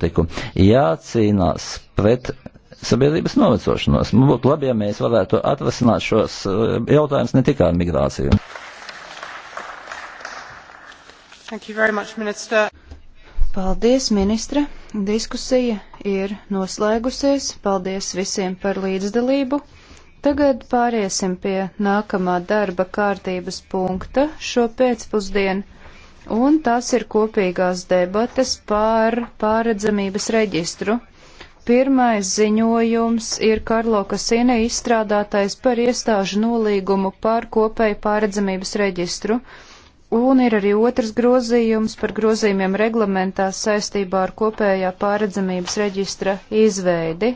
politiku, jācīnās pret sabiedrības novecošanos. Man būtu labi, ja mēs varētu atrasināt šos eh, jautājumus ne tikai migrāciju. Much, minister. Paldies, ministre. Diskusija ir noslēgusies. Paldies visiem par līdzdalību. Tagad pāriesim pie nākamā darba kārtības punkta šo pēcpusdienu un tas ir kopīgās debates par pāredzamības reģistru. Pirmais ziņojums ir Karlo Kasīne izstrādātais par iestāžu nolīgumu par kopēju pāredzamības reģistru, un ir arī otrs grozījums par grozījumiem reglamentā saistībā ar kopējā pāredzamības reģistra izveidi.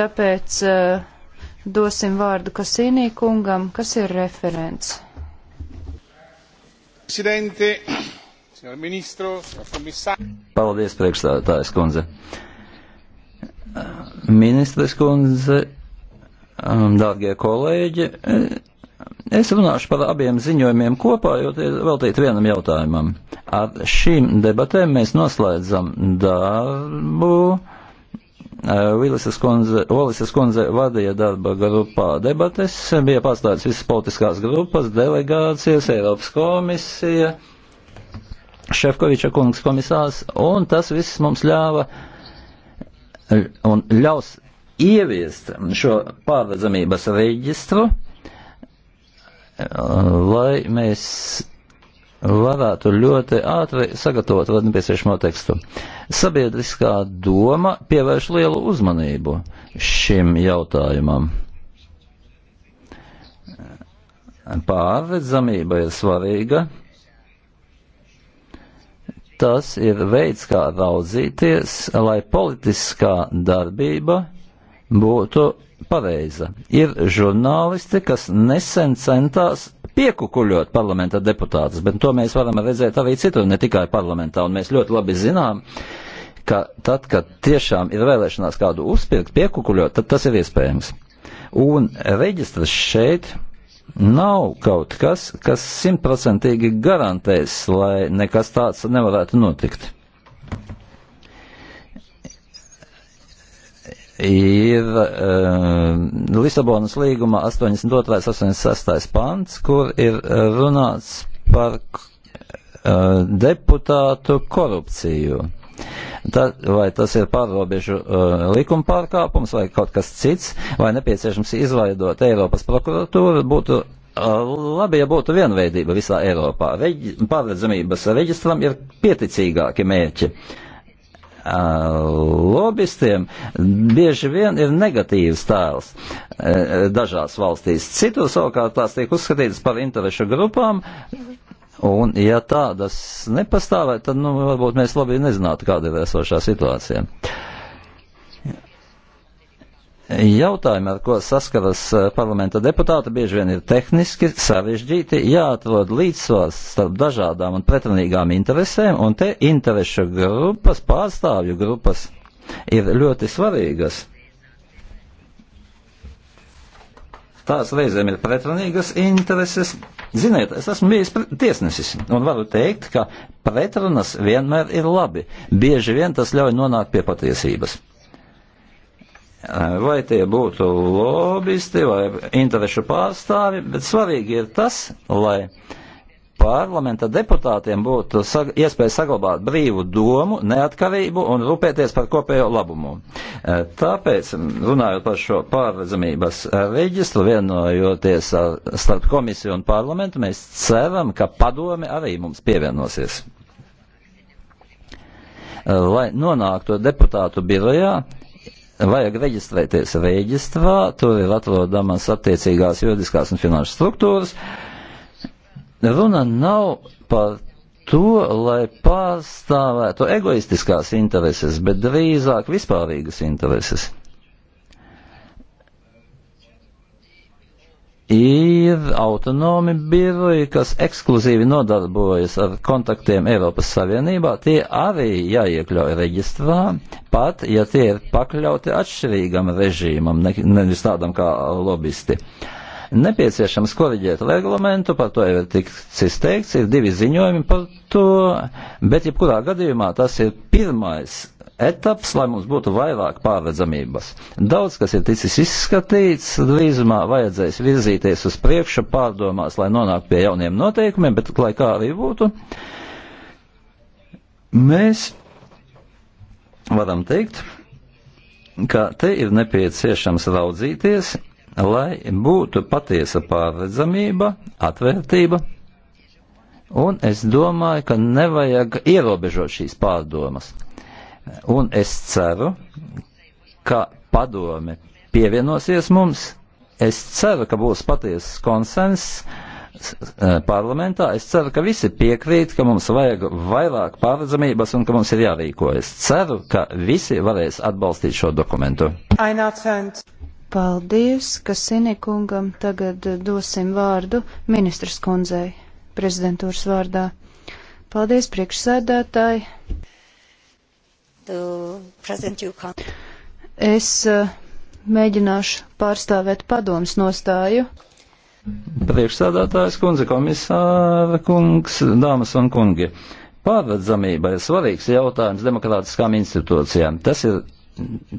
Tāpēc uh, dosim vārdu Kasīnī kungam, kas ir referents. Presidente, signor Ministro, signor Komisār. Paldies, priekšstādātājs kundze. Ministres kundze, um, dārgie kolēģi, Es runāšu par abiem ziņojumiem kopā, jo tie veltīti vienam jautājumam. Ar šīm debatēm mēs noslēdzam darbu Eh, Vilises kundze, Volises kundze vadīja darba grupā debates, bija pārstāvis visas politiskās grupas, delegācijas, Eiropas komisija, Šefkoviča kungs komisārs, un tas viss mums ļāva eh, un ļaus ieviest šo pārredzamības reģistru, eh, lai mēs varētu ļoti ātri sagatavot vēl nepieciešamo tekstu. Sabiedriskā doma pievērš lielu uzmanību šim jautājumam. Pārredzamība ir svarīga. Tas ir veids, kā raudzīties, lai politiskā darbība būtu pareiza. Ir žurnālisti, kas nesen centās piekukuļot parlamenta deputātus, bet to mēs varam redzēt arī citur, ne tikai parlamentā, un mēs ļoti labi zinām, ka tad, kad tiešām ir vēlēšanās kādu uzpirkt, piekukuļot, tad tas ir iespējams. Un reģistrs šeit nav kaut kas, kas simtprocentīgi garantēs, lai nekas tāds nevarētu notikt. ir uh, Lisabonas līguma 82. 86. pants, kur ir eh, runāts par uh, deputātu korupciju. Ta, vai tas ir pārrobežu uh, likuma pārkāpums vai kaut kas cits, vai nepieciešams izveidot Eiropas prokuratūru, būtu labi, ja būtu vienveidība visā Eiropā. Reģi, pārredzamības reģistram ir pieticīgāki mērķi. Uh, lobistiem bieži vien ir negatīvs tēls dažās valstīs. Citur savukārt tās tiek uzskatītas par interešu grupām. Un, ja tādas nepastāvētu, tad, nu, varbūt mēs labi nezinātu, kāda ir esošā situācija. Uh, Jautājumi, ar ko saskaras eh, parlamenta deputāti, bieži vien ir tehniski sarežģīti, jāatrod līdzsvars starp dažādām un pretrunīgām interesēm, un te interešu grupas, pārstāvju grupas ir ļoti svarīgas. Tās reizēm ir pretrunīgas intereses. Ziniet, es esmu bijis tiesnesis un varu teikt, ka pretrunas vienmēr ir labi. Bieži vien tas ļauj nonākt pie patiesības. Eh, vai tie būtu lobbyisti vai interešu pārstāvi, bet svarīgi ir tas, lai parlamenta deputātiem būtu sag iespēja saglabāt brīvu domu, neatkarību un rūpēties par kopējo labumu. Eh, tāpēc, runājot par šo pārredzamības reģistru, vienojoties starp komisiju un parlamentu, mēs ceram, ka padome arī mums pievienosies. Eh, lai nonāktu deputātu birojā, vajag reģistrēties reģistrā, tur ir atrodamas attiecīgās juridiskās un finanšu struktūras. Runa nav par to, lai pārstāvētu egoistiskās intereses, bet drīzāk vispārīgas intereses. ir autonomi biroji, kas ekskluzīvi nodarbojas ar kontaktiem Eiropas Savienībā, tie arī jāiekļauj reģistrā, pat ja tie ir pakļauti atšķirīgam režīmam, nevis tādam kā lobisti. Nepieciešams koriģēt reglamentu, par to jau ir tiks teikts, ir divi ziņojumi par to, bet jebkurā gadījumā tas ir pirmais etaps, lai mums būtu vairāk pārredzamības. Daudz, kas ir ticis izskatīts, drīzumā vajadzēs virzīties uz priekšu pārdomās, lai nonāktu pie jauniem noteikumiem, bet lai kā arī būtu, mēs varam teikt, ka te ir nepieciešams raudzīties, lai būtu patiesa pārredzamība, atvērtība, un es domāju, ka nevajag ierobežot šīs pārdomas. Un es ceru, ka padome pievienosies mums. Es ceru, ka būs patiesas konsens e, parlamentā. Es ceru, ka visi piekrīt, ka mums vajag vairāk pārredzamības un ka mums ir jārīkojas. Ceru, ka visi varēs atbalstīt šo dokumentu. Paldies, ka Sinikungam tagad dosim vārdu ministras kundzei prezidentūras vārdā. Paldies, priekšsēdētāji! to present you Es uh, mēģināšu pārstāvēt padomus nostāju. Priekšsādātājs kundze, komisāra kungs, dāmas un kungi. Pārredzamība ir svarīgs jautājums demokrātiskām institūcijām. Tas ir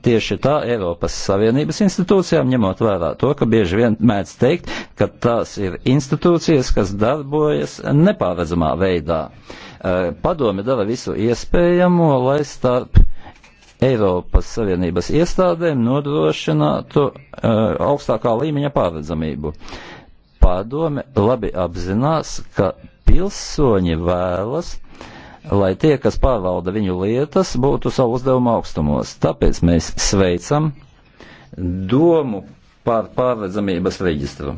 tieši tā Eiropas Savienības institūcijām, ņemot vērā to, ka bieži vien mēdz teikt, ka tās ir institūcijas, kas darbojas nepārredzamā veidā. Uh, Eh, padome dara visu iespējamo, lai starp Eiropas Savienības iestādēm nodrošinātu uh, augstākā līmeņa pārredzamību. Padome labi apzinās, ka pilsoņi vēlas, lai tie, kas pārvalda viņu lietas, būtu savu uzdevumu augstumos. Tāpēc mēs sveicam domu par pārredzamības reģistru.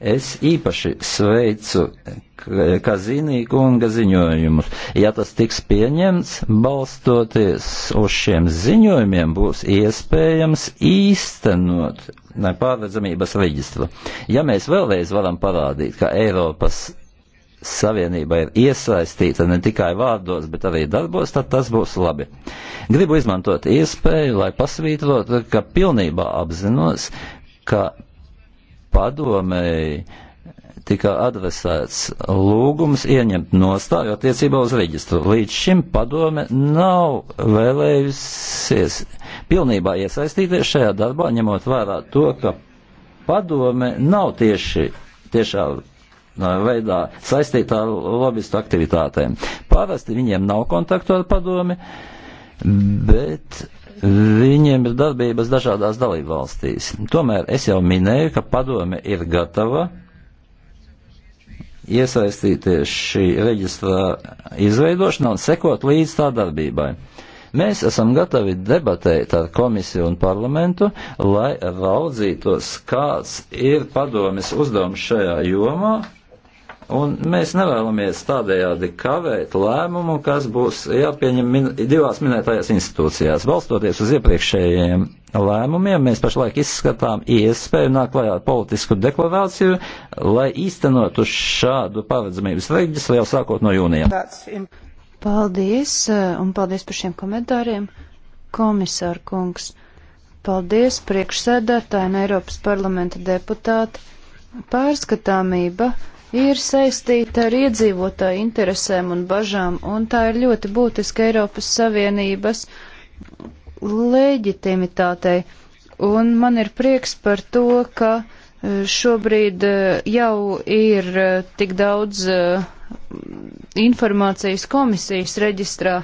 Es īpaši sveicu Kazīnī kunga ziņojumus. Ja tas tiks pieņemts, balstoties uz šiem ziņojumiem, būs iespējams īstenot pārredzamības reģistru. Ja mēs vēlreiz varam parādīt, ka Eiropas Savienība ir iesaistīta ne tikai vārdos, bet arī darbos, tad tas būs labi. Gribu izmantot iespēju, lai pasvītrotu, ka pilnībā apzinos, ka padomēji tika adresēts lūgums ieņemt nostāju attiecībā uz reģistru. Līdz šim padome nav vēlējusies pilnībā iesaistīties šajā darbā, ņemot vērā to, ka padome nav tieši tiešā veidā saistīta ar lobistu aktivitātēm. Parasti viņiem nav kontaktu ar padomi, bet viņiem ir darbības dažādās dalību valstīs. Tomēr es jau minēju, ka padome ir gatava iesaistīties šī reģistrā izveidošanā un sekot līdz tā darbībai. Mēs esam gatavi debatēt ar komisiju un parlamentu, lai raudzītos, kāds ir padomis uzdevums šajā jomā Un mēs nevēlamies tādējādi kavēt lēmumu, kas būs jāpieņem min divās minētajās institūcijās. Balstoties uz iepriekšējiem lēmumiem, mēs pašlaik izskatām iespēju nāk klajā politisku deklarāciju, lai īstenotu šādu pavadzamības reģistru jau sākot no jūnija. Paldies, eh, un paldies par šiem komentāriem, komisāra kungs. Paldies priekšsēdētājiem Eiropas parlamenta deputāti. Pārskatāmība ir saistīta ar iedzīvotāju interesēm un bažām, un tā ir ļoti būtiska Eiropas Savienības leģitimitātei. Un man ir prieks par to, ka e, šobrīd e, jau ir e, tik daudz informācijas komisijas reģistrā.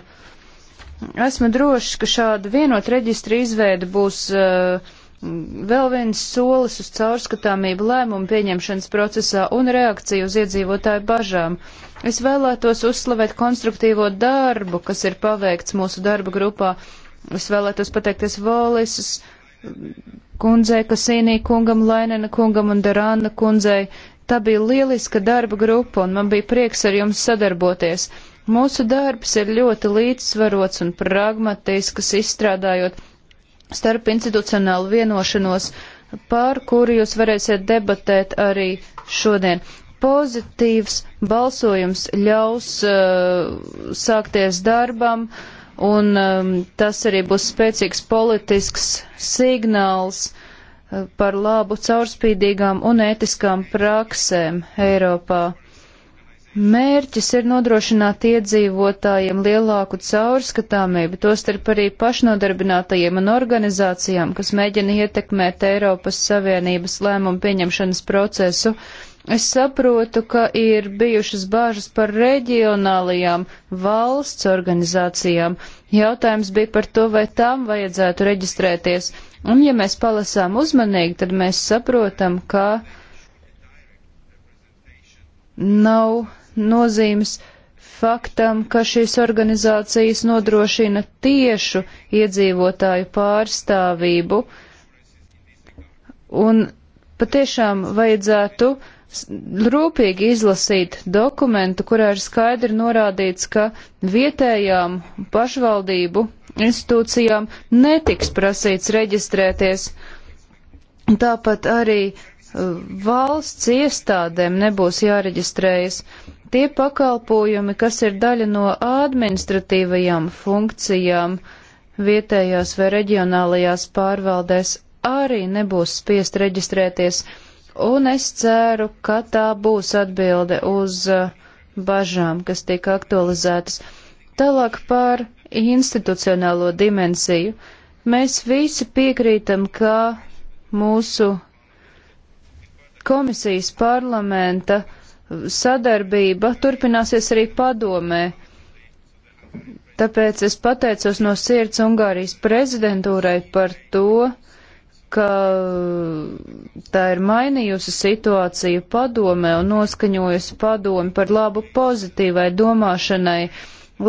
Esmu drošs, ka šāda vienota reģistra izveida būs uh, vēl viens solis uz caurskatāmību lēmumu pieņemšanas procesā un reakciju uz iedzīvotāju bažām. Es vēlētos uzslavēt konstruktīvo darbu, kas ir paveikts mūsu darba grupā. Es vēlētos pateikties Volisas kundzei, Kasīnī kungam, Lainena kungam un Darāna kundzei. Tā bija lieliska darba grupa un man bija prieks ar jums sadarboties. Mūsu darbs ir ļoti līdzsvarots un pragmatisks, izstrādājot starp institucionālu vienošanos, par kuru jūs varēsiet debatēt arī šodien. Pozitīvs balsojums ļaus uh, sākties darbam, un um, tas arī būs spēcīgs politisks signāls uh, par labu caurspīdīgām un ētiskām praksēm Eiropā. Mērķis ir nodrošināt iedzīvotājiem lielāku caurskatāmību, tostarp arī pašnodarbinātajiem un organizācijām, kas mēģina ietekmēt Eiropas Savienības lēmumu pieņemšanas procesu. Es saprotu, ka ir bijušas bāžas par reģionālajām valsts organizācijām. Jautājums bija par to, vai tām vajadzētu reģistrēties. Un, ja mēs palasām uzmanīgi, tad mēs saprotam, ka nav nozīmes faktam, ka šīs organizācijas nodrošina tiešu iedzīvotāju pārstāvību, un patiešām vajadzētu rūpīgi izlasīt dokumentu, kurā ir skaidri norādīts, ka vietējām pašvaldību institūcijām netiks prasīts reģistrēties. Tāpat arī uh, valsts iestādēm nebūs jāreģistrējas. Tie pakalpojumi, kas ir daļa no administratīvajām funkcijām vietējās vai reģionālajās pārvaldēs, arī nebūs spiest reģistrēties, un es ceru, ka tā būs atbilde uz uh, bažām, kas tiek aktualizētas. Tālāk par institucionālo dimensiju. Mēs visi piekrītam, ka mūsu komisijas parlamenta uh, sadarbība turpināsies arī padomē. Tāpēc es pateicos no sirds Ungārijas prezidentūrai par to, ka tā ir mainījusi situāciju padomē un noskaņojusi padomi par labu pozitīvai domāšanai,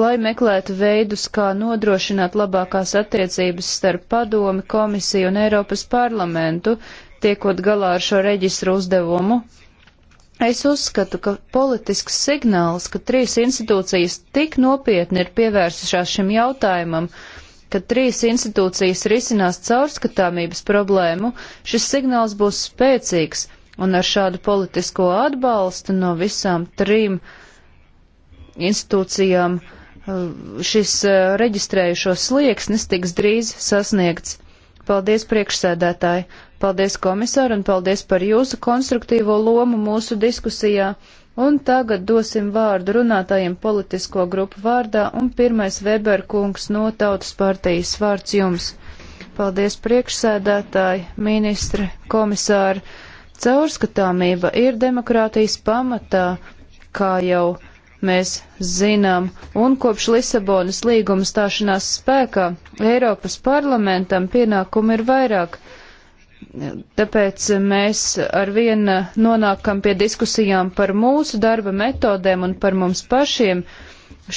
lai meklētu veidus, kā nodrošināt labākās attiecības starp padomi, komisiju un Eiropas parlamentu, tiekot galā ar šo reģistru uzdevumu. Es uzskatu, ka politisks signāls, ka trīs institūcijas tik nopietni ir pievērsušās šim jautājumam, ka trīs institūcijas risinās caurskatāmības problēmu, šis signāls būs spēcīgs, un ar šādu politisko atbalstu no visām trim institūcijām uh, šis uh, reģistrējušo slieksnis tiks drīz sasniegts. Paldies priekšsēdētāji, paldies komisāri un paldies par jūsu konstruktīvo lomu mūsu diskusijā. Un tagad dosim vārdu runātājiem politisko grupu vārdā un pirmais Weber kungs no Tautas partijas vārds jums. Paldies priekšsēdētāji, ministri, komisāri. Caurskatāmība ir demokrātijas pamatā, kā jau mēs zinām, un kopš Lisabonas līguma stāšanās spēkā Eiropas parlamentam pienākumi ir vairāk. Tāpēc mēs arvien nonākam pie diskusijām par mūsu darba metodēm un par mums pašiem.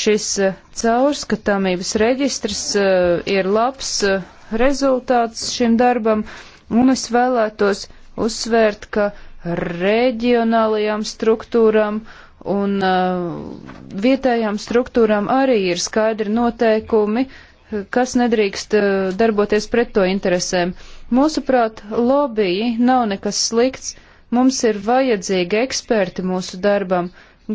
Šis eh, caurskatāmības reģistrs eh, ir labs eh, rezultāts šim darbam, un es vēlētos uzsvērt, ka reģionālajām struktūrām uh, un uh, vietējām struktūrām arī ir skaidri noteikumi, kas nedrīkst uh, darboties pret to interesēm. Mūsuprāt, lobiji nav nekas slikts, mums ir vajadzīgi eksperti mūsu darbam.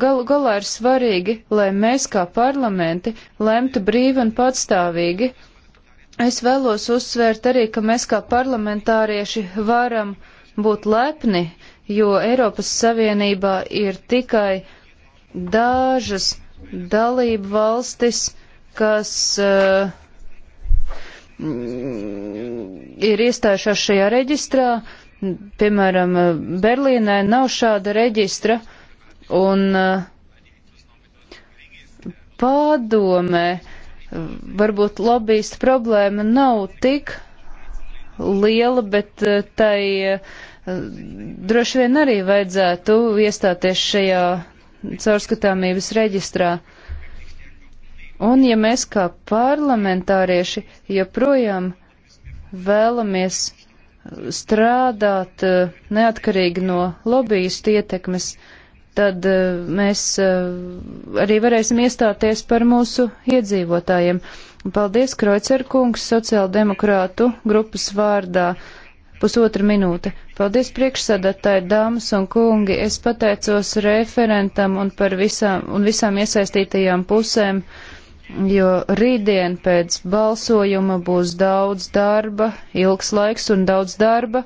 Galu galā ir svarīgi, lai mēs kā parlamenti lemtu brīvi un patstāvīgi. Es vēlos uzsvērt arī, ka mēs kā parlamentārieši varam būt lepni, jo Eiropas Savienībā ir tikai uh, dažas dalību valstis, kas uh, ir iestājušās šajā reģistrā, piemēram, Berlīnē nav šāda reģistra, un uh, eh, padomē varbūt lobbyistu problēma nav tik liela, bet uh, tai uh, droši vien arī vajadzētu iestāties šajā caurskatāmības reģistrā. Un ja mēs kā parlamentārieši joprojām vēlamies strādāt eh, neatkarīgi no lobbyistu ietekmes, tad eh, mēs eh, arī varēsim iestāties par mūsu iedzīvotājiem. Paldies, Kroicer kungs, sociāldemokrātu grupas vārdā. Pusotra minūte. Paldies priekšsadatāji, dāmas un kungi. Es pateicos referentam un par visām, un visām iesaistītajām pusēm, jo rītdien pēc balsojuma būs daudz darba, ilgs laiks un daudz darba,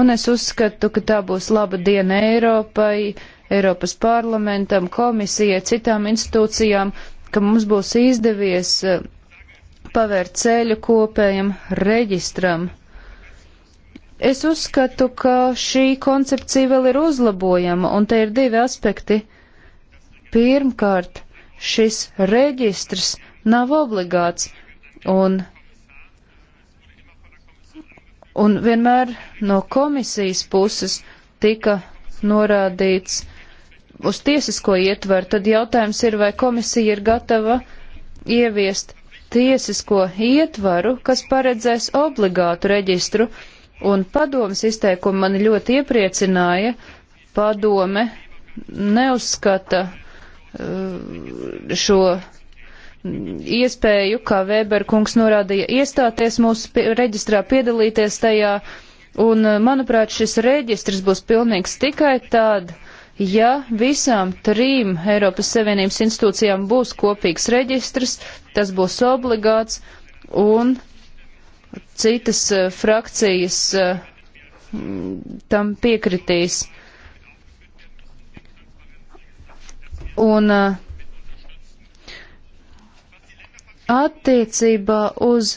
un es uzskatu, ka tā būs laba diena Eiropai, Eiropas parlamentam, komisijai, citām institūcijām, ka mums būs izdevies eh, pavērt ceļu kopējam reģistram Es uzskatu, ka šī koncepcija vēl ir uzlabojama, un te ir divi aspekti. Pirmkārt, šis reģistrs nav obligāts, un, un vienmēr no komisijas puses tika norādīts uz tiesisko ietveru, tad jautājums ir, vai komisija ir gatava ieviest tiesisko ietvaru, kas paredzēs obligātu reģistru, Un padomas izteikumi mani ļoti iepriecināja. Padome neuzskata uh, šo iespēju, kā Vēberkungs norādīja, iestāties mūsu pie, reģistrā, piedalīties tajā. Un, uh, manuprāt, šis reģistrs būs pilnīgs tikai tad, ja visām trim Eiropas Savienības institūcijām būs kopīgs reģistrs, tas būs obligāts un citas eh, frakcijas eh, tam piekritīs. Un eh, attiecībā uz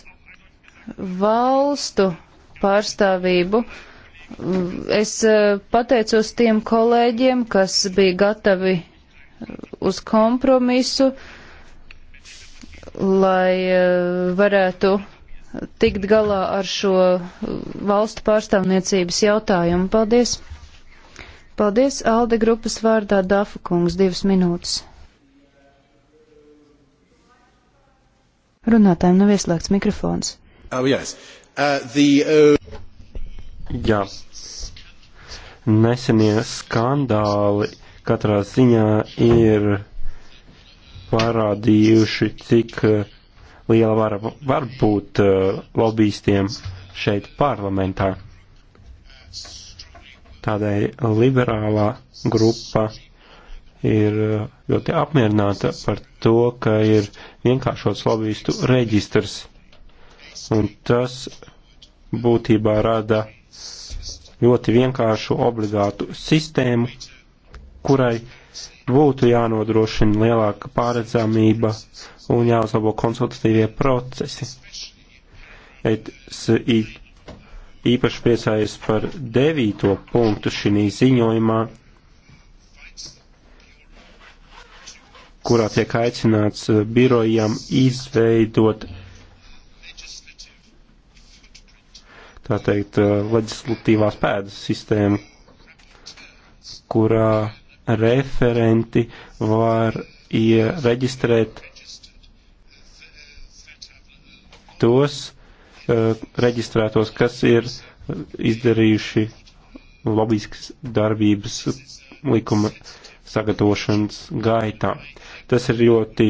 valstu pārstāvību mm, es pateicos tiem kolēģiem, kas bija gatavi uz kompromisu, lai varētu tikt galā ar šo uh, valstu pārstāvniecības jautājumu. Paldies! Paldies Alde grupas vārdā Dafa kungs divas minūtes. Runātājiem nav ieslēgts mikrofons. Oh, yes. uh, the, uh... Jā. Nesenie skandāli katrā ziņā ir parādījuši, cik uh, liela vara var būt uh, lobbyistiem šeit parlamentā. Tādēļ liberālā grupa ir uh, ļoti apmierināta par to, ka ir vienkāršots lobbyistu reģistrs. Un tas būtībā rada ļoti vienkāršu obligātu sistēmu, kurai būtu jānodrošina lielāka pārredzamība un jāuzlabo konsultatīvie procesi. Es īpaši priecājos par devīto punktu šī ziņojumā, kurā tiek aicināts birojam izveidot tā teikt leģislatīvās pēdas sistēmu, kurā referenti var iereģistrēt tos uh, reģistrētos, kas ir izdarījuši lobiskas darbības likuma sagatavošanas gaitā. Tas ir ļoti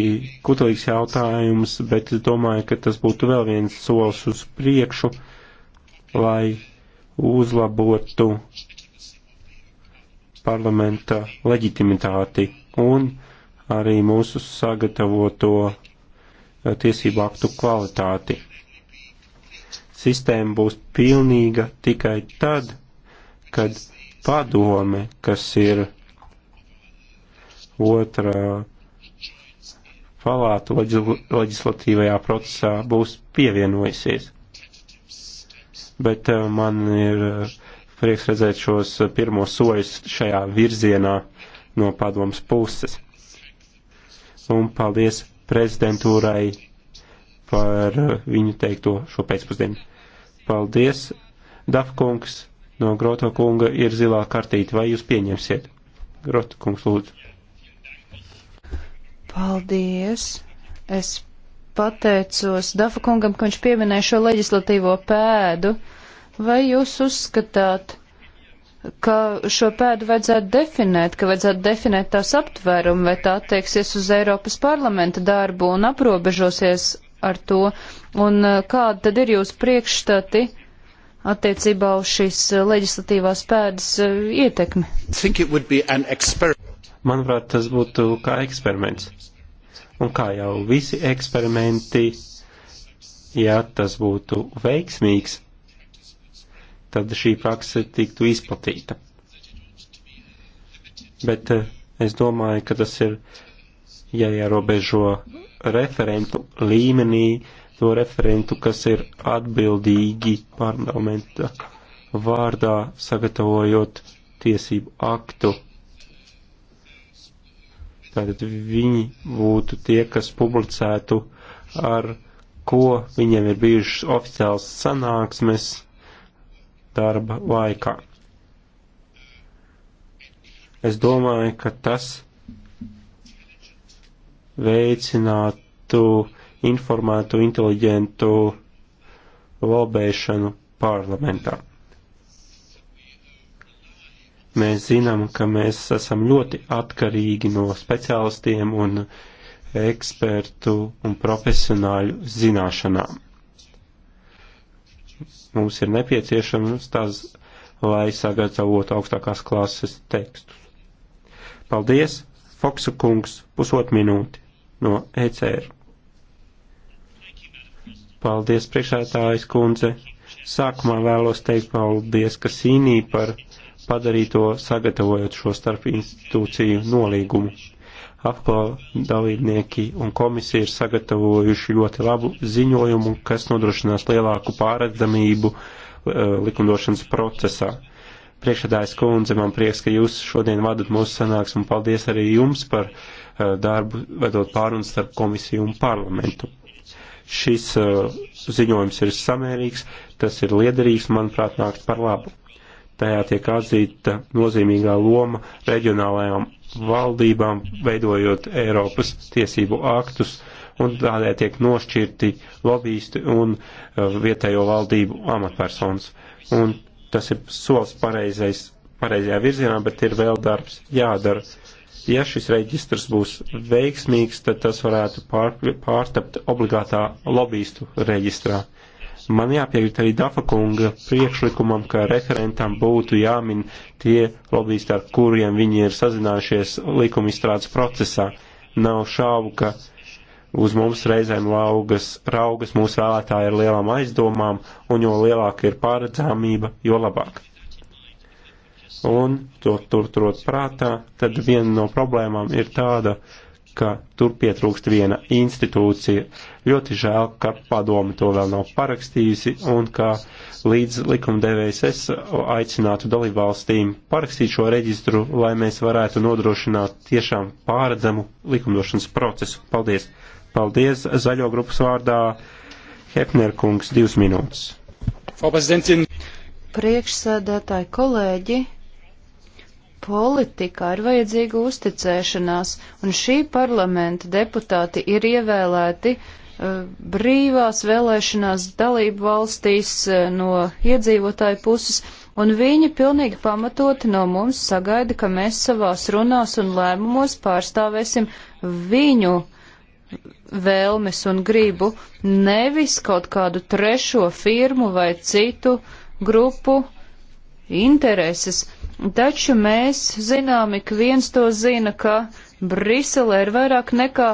kutelīgs jautājums, bet es domāju, ka tas būtu vēl viens solis uz priekšu, lai uzlabotu uh, parlamenta leģitimitāti un arī mūsu sagatavoto eh, tiesību aktu kvalitāti. Sistēma būs pilnīga tikai tad, kad padome, kas ir otrā palātu leģislatīvajā procesā, būs pievienojusies. Bet eh, man ir eh, Prieks redzēt šos eh, pirmos soļus šajā virzienā no padomas puses. Un paldies prezidentūrai par eh, viņu teikto šo pēcpusdienu. Paldies, Dafkungs no Groto kunga ir zilā kartīte. Vai jūs pieņemsiet? Groto kungs, lūdzu. Paldies. Es pateicos Dafa kungam, ka viņš pieminēja šo leģislatīvo pēdu. Uh, Vai jūs uzskatāt, ka šo pēdu vajadzētu definēt, ka vajadzētu definēt tās aptvērumu, vai tā attieksies uz Eiropas parlamenta darbu un aprobežosies ar to, un uh, kāda tad ir jūsu priekšstati attiecībā uz šīs uh, leģislatīvās pēdas uh, ietekmi? Manuprāt, tas būtu kā eksperiments. Un kā jau visi eksperimenti, ja tas būtu veiksmīgs, tad šī prakse tiktu izplatīta. Bet eh, es domāju, ka tas ir jāierobežo referentu līmenī, to referentu, kas ir atbildīgi parlamenta vārdā sagatavojot tiesību aktu. Tātad viņi būtu tie, kas publicētu, ar ko viņiem ir bijušas oficiāls sanāksmes darba laikā. Es domāju, ka tas veicinātu informētu, inteliģentu lobēšanu parlamentā. Mēs zinām, ka mēs esam ļoti atkarīgi no speciālistiem un ekspertu un profesionāļu zināšanām mums ir nepieciešams tās, lai sagatavotu augstākās klases tekstus. Paldies, Foksa kungs, pusot minūti no ECR. Paldies, priekšētājas kundze. Sākumā vēlos teikt paldies Kasīnī par padarīto sagatavojot šo starp institūciju nolīgumu. APO dalībnieki un komisija ir sagatavojuši ļoti labu ziņojumu, kas nodrošinās lielāku pārredzamību eh, likumdošanas procesā. Priekšādājas kundze, man prieks, ka jūs šodien vadat mūsu sanāksmu un paldies arī jums par eh, darbu vedot pārunas starp komisiju un parlamentu. Šis eh, ziņojums ir samērīgs, tas ir liederīgs, manuprāt, nākt par labu. Tajā tiek atzīta nozīmīgā loma reģionālajām valdībām, veidojot Eiropas tiesību aktus, un tādēļ tiek nošķirti lobbyisti un uh, vietējo valdību amatpersonas. Un tas ir solis pareizais, pareizajā virzienā, bet ir vēl darbs jādara. Ja šis reģistrs būs veiksmīgs, tad tas varētu pār, pārtapt obligātā lobbyistu reģistrā. Uh, Man jāpiekrīt arī Dafa kunga priekšlikumam, ka referentam būtu jāmin tie lobbyisti, ar kuriem viņi ir sazinājušies likuma izstrādes procesā. Nav šaubu, ka uz mums reizēm laugas, raugas mūsu vēlētāji ar lielām aizdomām, un jo lielāka ir pārredzāmība, jo labāk. Un to turturot prātā, tad viena no problēmām ir tāda, ka tur pietrūkst viena institūcija. Ļoti žēl, ka padoma to vēl nav parakstījusi un ka līdz likumdevējs es aicinātu dalībvalstīm parakstīt šo reģistru, lai mēs varētu nodrošināt tiešām pāredzamu likumdošanas procesu. Paldies! Paldies zaļo grupas vārdā Hepner kungs divas minūtes. Frau Präsidentin! Priekšsēdētāji kolēģi! politikā ir vajadzīga uzticēšanās, un šī parlamenta deputāti ir ievēlēti uh, brīvās vēlēšanās dalību valstīs uh, no iedzīvotāju puses, un viņi pilnīgi pamatoti no mums sagaida, ka mēs savās runās un lēmumos pārstāvēsim viņu vēlmes un gribu, nevis kaut kādu trešo firmu vai citu grupu intereses. Taču mēs zinām, ik viens to zina, ka Briselē ir vairāk nekā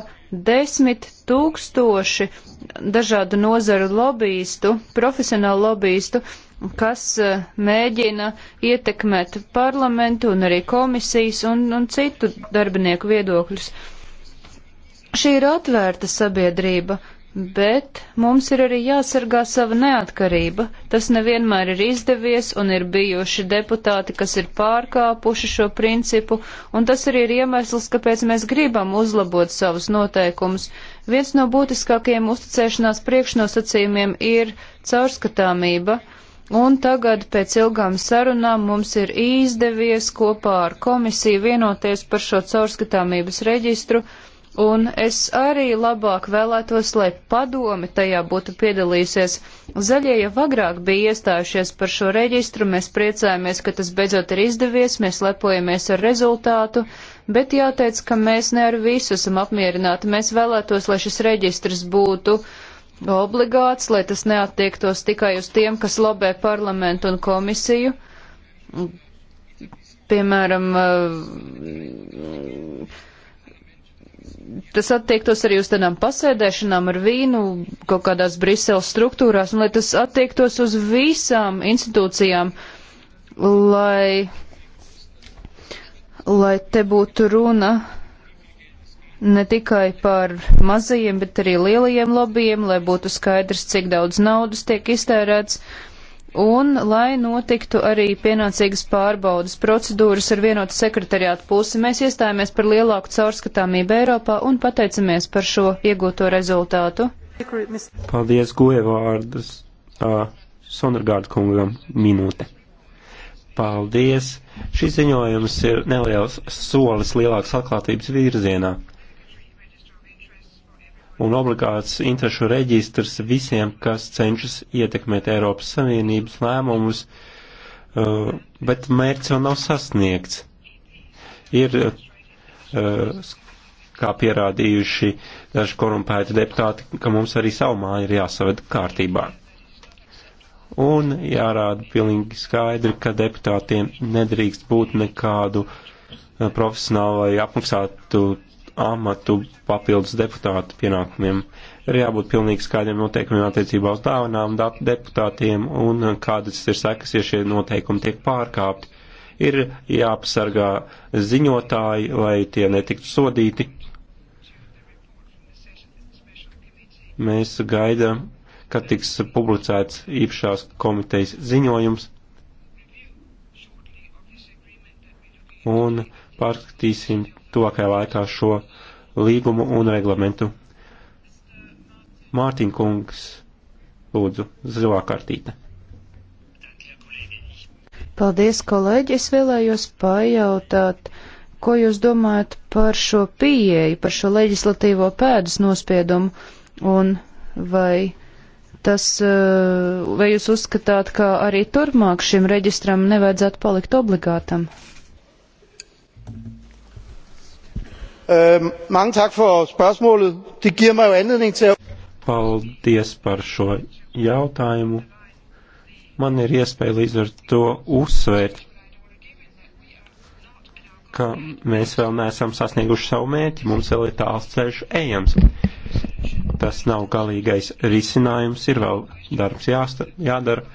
desmit tūkstoši dažādu nozaru lobbyistu, profesionālu lobbyistu, kas eh, mēģina ietekmēt parlamentu un arī komisijas un, un citu darbinieku viedokļus. Šī ir atvērta sabiedrība, bet mums ir arī jāsargā sava neatkarība. Tas nevienmēr ir izdevies, un ir bijuši deputāti, kas ir pārkāpuši šo principu, un tas arī ir iemesls, kāpēc mēs gribam uzlabot savus noteikumus. Viens no būtiskākajiem uzticēšanās priekšnosacījumiem ir caurskatāmība. Un tagad pēc ilgām sarunām mums ir izdevies kopā ar komisiju vienoties par šo caurskatāmības reģistru, uh, Un es arī labāk vēlētos, lai padome tajā būtu piedalīsies. Zaļie jau agrāk bija iestājušies par šo reģistru, mēs priecājamies, ka tas beidzot ir izdevies, mēs lepojamies ar rezultātu, bet jāteic, ka mēs ne ar visu esam apmierināti. Mēs vēlētos, lai šis reģistrs būtu obligāts, lai tas neattiektos tikai uz tiem, kas lobē parlamentu un komisiju. Piemēram, uh, tas attiektos arī uz tādām pasēdēšanām ar vīnu kaut kādās Briseles struktūrās, un lai tas attiektos uz visām institūcijām, lai, lai te būtu runa ne tikai par mazajiem, bet arī lielajiem lobbyiem, lai būtu skaidrs, cik daudz naudas tiek iztērēts. Uh, un lai notiktu arī pienācīgas pārbaudas procedūras ar vienotu sekretariātu pusi, mēs iestājāmies par lielāku caurskatāmību Eiropā un pateicamies par šo iegūto rezultātu. Paldies, Gojevārdas, uh, Sonargārda kungam minūte. Paldies! Šis ziņojums ir neliels solis lielākas atklātības virzienā un obligāts interešu reģistrs visiem, kas cenšas ietekmēt Eiropas Savienības lēmumus, uh, bet mērķis vēl nav sasniegts. Ir, uh, kā pierādījuši daži korumpēti deputāti, ka mums arī savu māju ir jāsaved kārtībā. Un jārāda pilnīgi skaidri, ka deputātiem nedrīkst būt nekādu uh, profesionālu vai apmaksātu amatu papildus deputātu pienākumiem. Ir jābūt pilnīgi skaidriem noteikumiem attiecībā uz dāvanām deputātiem un kādas ir sekas, ja šie noteikumi tiek pārkāpti. Ir jāpasargā ziņotāji, lai tie netiktu sodīti. Mēs gaidām, kad tiks publicēts īpašās komitejas ziņojums. Un pārskatīsim tuvākajā laikā šo līgumu un reglamentu. Mārtiņ kungs, lūdzu, zilā kartīte. Paldies, kolēģi, es vēlējos pajautāt, ko jūs domājat par šo pieeju, par šo leģislatīvo pēdas nospiedumu un vai tas, eh, vai jūs uzskatāt, ka arī turpmāk šim reģistram nevajadzētu palikt obligātam? Mange tak for spørgsmålet. Det giver mig jo anledning til at... Paldies par šo jautājumu. Man ir iespēja līdz ar to uzsvērt, ka mēs vēl neesam sasnieguši savu mērķi, mums vēl ir tāls ceļš ejams. Tas nav galīgais risinājums, ir vēl darbs jāsta, jādara.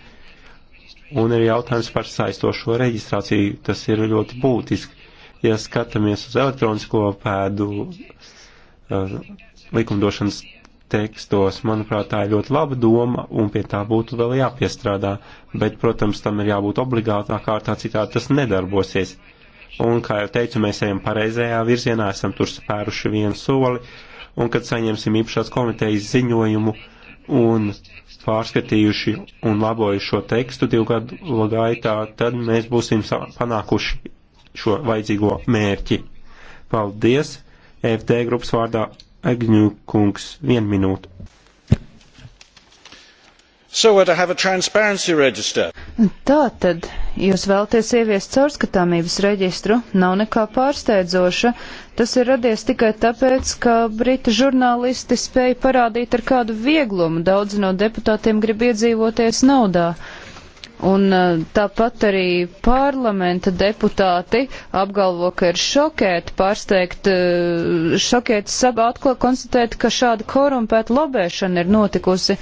Un ir jautājums par saistošo reģistrāciju, tas ir ļoti būtiski Ja skatāmies uz elektronisko pēdu likumdošanas tekstos, manuprāt, tā ir ļoti laba doma un pie tā būtu vēl jāpiestrādā, bet, protams, tam ir jābūt obligātā kārtā, citādi tas nedarbosies. Un, kā jau teicu, mēs ejam pareizajā virzienā, esam tur spēruši vienu soli, un kad saņemsim īpašās komitejas ziņojumu un pārskatījuši un labojuši šo tekstu divu gadu gaitā, tad mēs būsim panākuši šo vajadzīgo mērķi. Paldies! EFT grupas vārdā Agņu kungs, vienu minūtu. So Tātad jūs vēlaties ieviest caurskatāmības reģistru, nav nekā pārsteidzoša. Tas ir radies tikai tāpēc, ka brita žurnālisti spēja parādīt ar kādu vieglumu daudz no deputātiem grib iedzīvoties naudā. Uh, Un eh, tāpat arī parlamenta deputāti apgalvo, ka ir šokēti pārsteigt, eh, šokēti sabā atklāt konstatēt, ka šāda korumpēta lobēšana ir notikusi.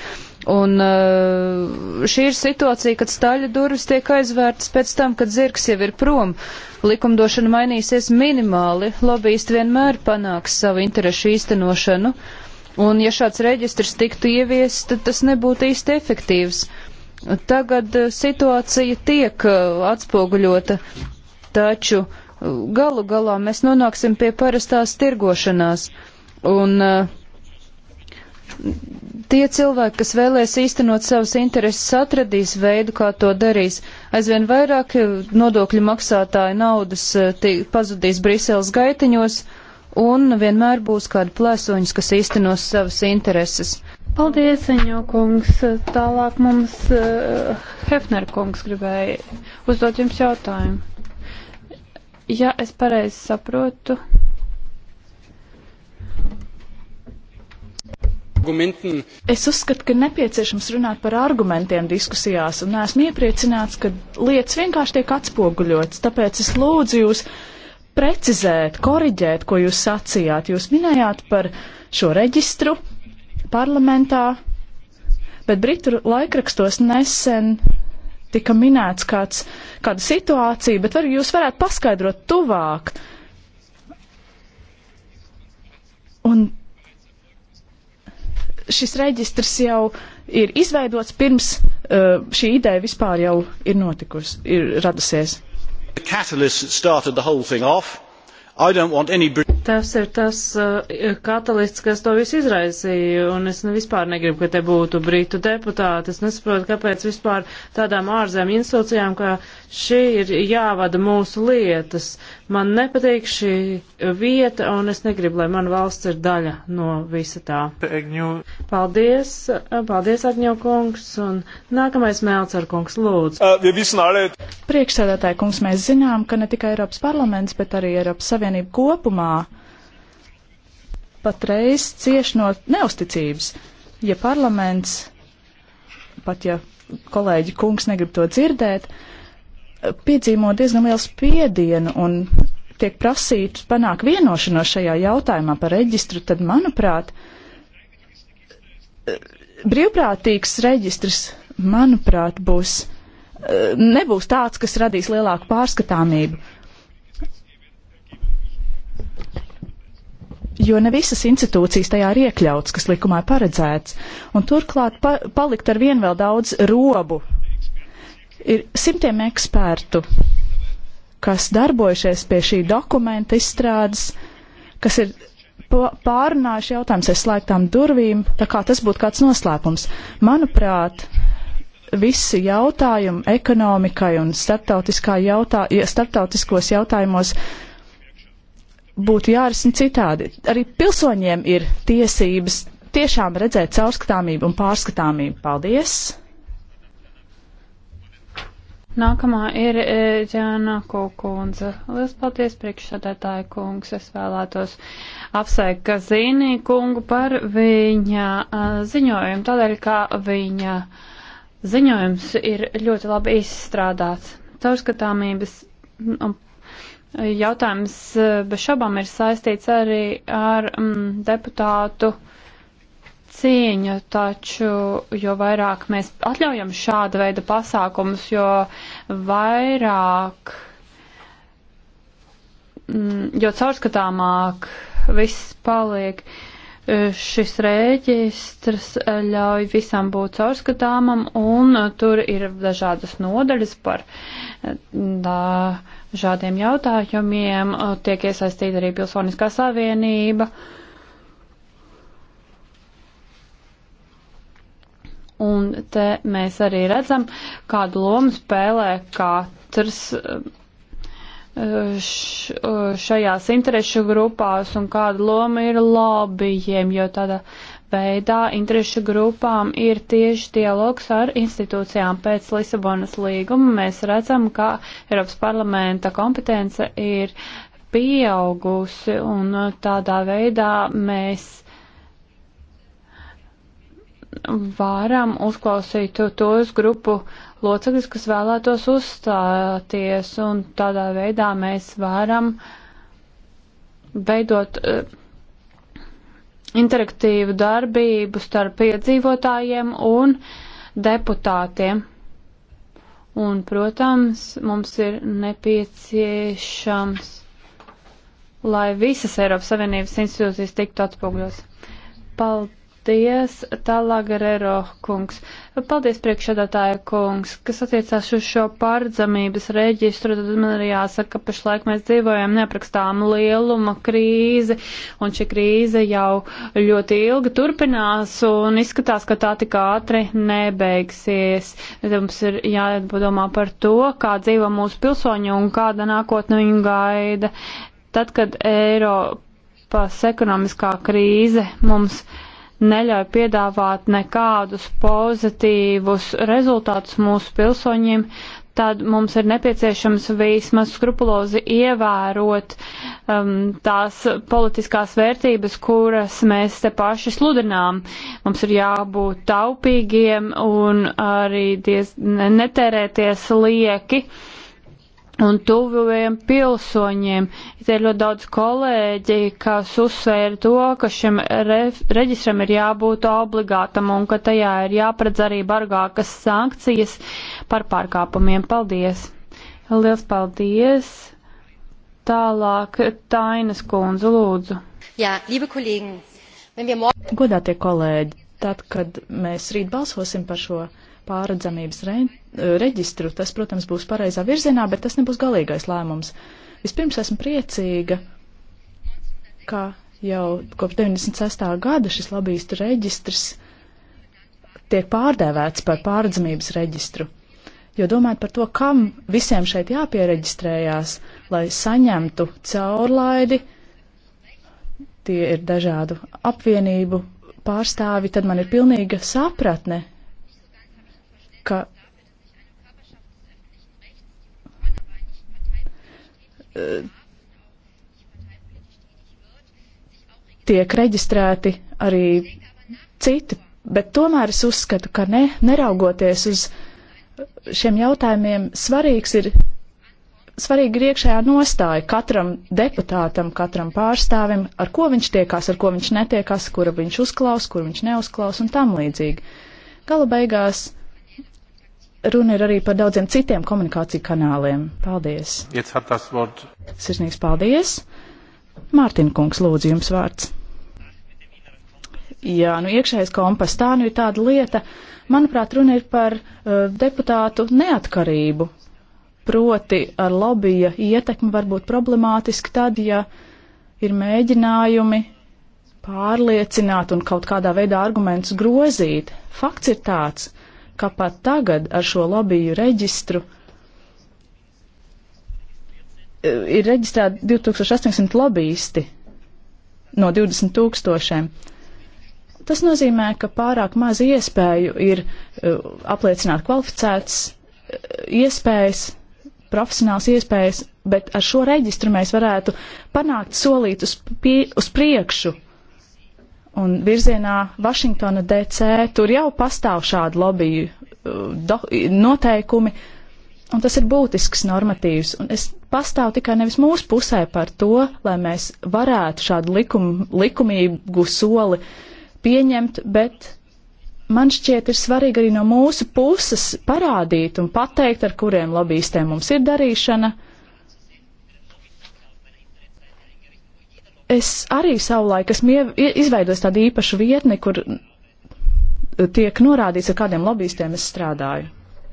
Un eh, šī ir situācija, kad staļa durvis tiek aizvērtas pēc tam, kad zirgs jau ir prom. Likumdošana mainīsies minimāli, lobbyisti vienmēr panāks savu interešu īstenošanu. Un ja šāds reģistrs tiktu ieviests, tad tas nebūtu īsti efektīvs. Tagad eh, situācija tiek eh, atspoguļota, taču eh, galu galā mēs nonāksim pie parastās tirgošanās. Un tie cilvēki, kas vēlēs īstenot savas intereses, atradīs veidu, kā to darīs. Aizvien vairāk nodokļu maksātāju naudas pazudīs Briseles gaitiņos, un vienmēr būs kādi plēsoņas, kas īstenos savas intereses. Paldies, Eņo kungs. Tālāk mums uh, Hefner kungs gribēja uzdot jums jautājumu. Ja es pareizi saprotu. Argumenten. Es uzskatu, ka nepieciešams runāt par argumentiem diskusijās, un esmu iepriecināts, ka lietas vienkārši tiek atspoguļotas. Tāpēc es lūdzu jūs precizēt, koriģēt, ko jūs sacījāt. Jūs minējāt par šo reģistru, parlamentā, bet Britu laikrakstos nesen tika minēts kāds, kāda situācija, bet var, jūs varētu paskaidrot tuvāk. Un šis reģistrs jau ir izveidots pirms uh, šī ideja vispār jau ir notikusi, ir radusies. The catalyst that started the whole thing off Any... Tas ir tas uh, katalists, kas to visu izraisīja, un es ne, vispār negribu, ka te būtu brītu deputāti. Es nesaprotu, kāpēc vispār tādām ārzem institūcijām, kā uh, šī ir jāvada mūsu lietas. Man nepatīk šī vieta, un es negribu, lai man valsts ir daļa no visa tā. Egņu. Paldies, paldies, Agņo kungs, un nākamais Melcer kungs, lūdzu. Uh, Priekšsēdētāji kungs, mēs zinām, ka ne tikai Eiropas parlaments, bet arī Eiropas Savienība kopumā patreiz cieš no neusticības. Ja parlaments, pat ja kolēģi kungs negrib to dzirdēt, uh, piedzīvo diezgan lielu spiedienu un tiek prasīts panākt vienošanos šajā jautājumā par reģistru, tad, manuprāt, brīvprātīgs reģistrs, manuprāt, būs, nebūs tāds, kas radīs lielāku pārskatāmību. jo ne visas institūcijas tajā ir iekļauts, kas likumā ir paredzēts, un turklāt pa palikt ar vien vēl daudz robu Ir simtiem ekspertu, kas darbojušies pie šī dokumenta izstrādes, kas ir pārunājuši jautājumus aiz slēgtām durvīm, tā kā tas būtu kāds noslēpums. Manuprāt, visi jautājumi ekonomikai un jautā, starptautiskos jautājumos būtu jārisina citādi. Arī pilsoņiem ir tiesības tiešām redzēt caurskatāmību un pārskatāmību. Paldies! Nākamā ir Ģēna e, Kukundze. Lielas paldies priekšsādātāja kungs. Es vēlētos apsveikt Kazīnī kungu par viņa e, ziņojumu, tādēļ, ka viņa ziņojums ir ļoti labi izstrādāts. Caurskatāmības jautājums e, bez šabām ir saistīts arī ar mm, deputātu cīņu, taču jo vairāk mēs atļaujam šāda veida pasākumus, jo vairāk, mm, jo caurskatāmāk viss paliek. Šis rēģistrs ļauj visam būt caurskatāmam, un tur ir dažādas nodaļas par mm, dažādiem jautājumiem, tiek iesaistīta arī Pilsoniskā savienība. Uh, Un te mēs arī redzam, kādu lomu spēlē katrs eh, eh, šajās interešu grupās un kāda loma ir lobbyiem, jo tādā veidā interešu grupām ir tieši dialogs ar institūcijām. Pēc Lisabonas līguma mēs redzam, ka Eiropas parlamenta kompetence ir pieaugusi un eh, tādā veidā mēs varam uzklausīt tos grupu locekļus, kas vēlētos uzstāties, un tādā veidā mēs varam veidot eh, interaktīvu darbību starp iedzīvotājiem un deputātiem. Un, protams, mums ir nepieciešams, lai visas Eiropas Savienības institūcijas tiktu atspūgļos. Paldies! Paldies, Talagarero kungs. Paldies, priekšsēdētāja kungs, kas attiecās uz šo pārdzamības reģistru. Tad man arī jāsaka, ka pašlaik mēs dzīvojam neaprakstām lieluma krīzi, un šī krīze jau ļoti ilgi turpinās, un izskatās, ka tā tik ātri nebeigsies. Mums ir jādomā par to, kā dzīvo mūsu pilsoņi un kāda nākotne viņu gaida. Tad, kad Eiropas ekonomiskā krīze mums neļauj piedāvāt nekādus pozitīvus rezultātus mūsu pilsoņiem, tad mums ir nepieciešams vismaz skrupulozi ievērot um, tās politiskās vērtības, kuras mēs te paši sludinām. Mums ir jābūt taupīgiem un arī diez, netērēties lieki. Uh, un tuviem pilsoņiem. Te ir ļoti daudz kolēģi, kas uzsvēra to, ka šim reģistram ir jābūt obligātam un ka tajā ir jāparedz arī bargākas sankcijas par pārkāpumiem. Paldies! Liels paldies! Tālāk Tainas kundze lūdzu. Jā, liebe kolēģi, godātie kolēģi! tad, kad mēs rīt balsosim par šo pārredzamības re, reģistru, tas, protams, būs pareizā virzienā, bet tas nebūs galīgais lēmums. Vispirms esmu priecīga, ka jau kopš 96. gada šis lobbyistu reģistrs tiek pārdēvēts par pārredzamības reģistru. Jo domājot par to, kam visiem šeit jāpiereģistrējās, lai saņemtu caurlaidi, tie ir dažādu apvienību pārstāvi, tad man ir pilnīga sapratne, ka tiek reģistrēti arī citi, bet tomēr es uzskatu, ka ne, neraugoties uz šiem jautājumiem, svarīgs ir svarīga ir iekšējā nostāja katram deputātam, katram pārstāvim, ar ko viņš tiekās, ar ko viņš netiekās, kura viņš uzklaus, kur viņš neuzklaus un tam līdzīgi. Gala beigās runa ir arī par daudziem citiem komunikāciju kanāliem. Paldies! Sirsnīgs paldies! Mārtiņa kungs, lūdzu, jums vārds. Jā, nu iekšējais kompas tā nu ir tāda lieta. Manuprāt, runa ir par uh, deputātu neatkarību, proti ar lobija ietekmi var būt problemātiski tad, ja ir mēģinājumi pārliecināt un kaut kādā veidā argumentus grozīt. Fakts ir tāds, ka pat tagad ar šo lobiju reģistru eh, ir reģistrēti 2800 lobbyisti no 20 tūkstošiem. Tas nozīmē, ka pārāk maz iespēju ir eh, apliecināt kvalificētas eh, iespējas profesionāls iespējas, bet ar šo reģistru mēs varētu panākt solīt uz, pie, uz priekšu. Un virzienā Vašingtona DC tur jau pastāv šādi lobiju uh, do, noteikumi, un tas ir būtisks normatīvs. Un es pastāvu tikai nevis mūsu pusē par to, lai mēs varētu šādu likum, likumīgu soli pieņemt, bet man šķiet ir svarīgi arī no mūsu puses parādīt un pateikt, ar kuriem lobbyistiem mums ir darīšana. Es arī savulaik esmu izveidojis tādu īpašu vietni, kur tiek norādīts, ar kādiem lobbyistiem es strādāju.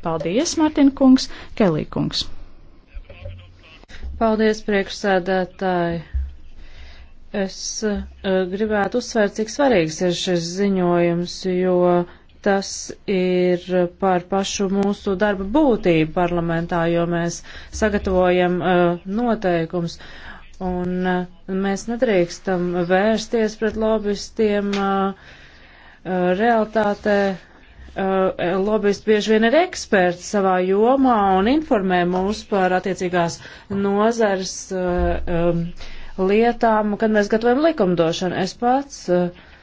Paldies, Mārtiņa kungs, Kelī kungs. Paldies, priekšsēdētāji. Es uh, gribētu uzsvērt, cik svarīgs ir šis ziņojums, jo tas ir par pašu mūsu darba būtību parlamentā, jo mēs sagatavojam uh, noteikums. Un uh, mēs nedrīkstam vērsties pret lobbystiem uh, realitātē. Uh, Lobbyisti bieži vien ir eksperti savā jomā un informē mūs par attiecīgās nozars. Uh, um, lietām, kad mēs gatavojam likumdošanu. Es pats eh,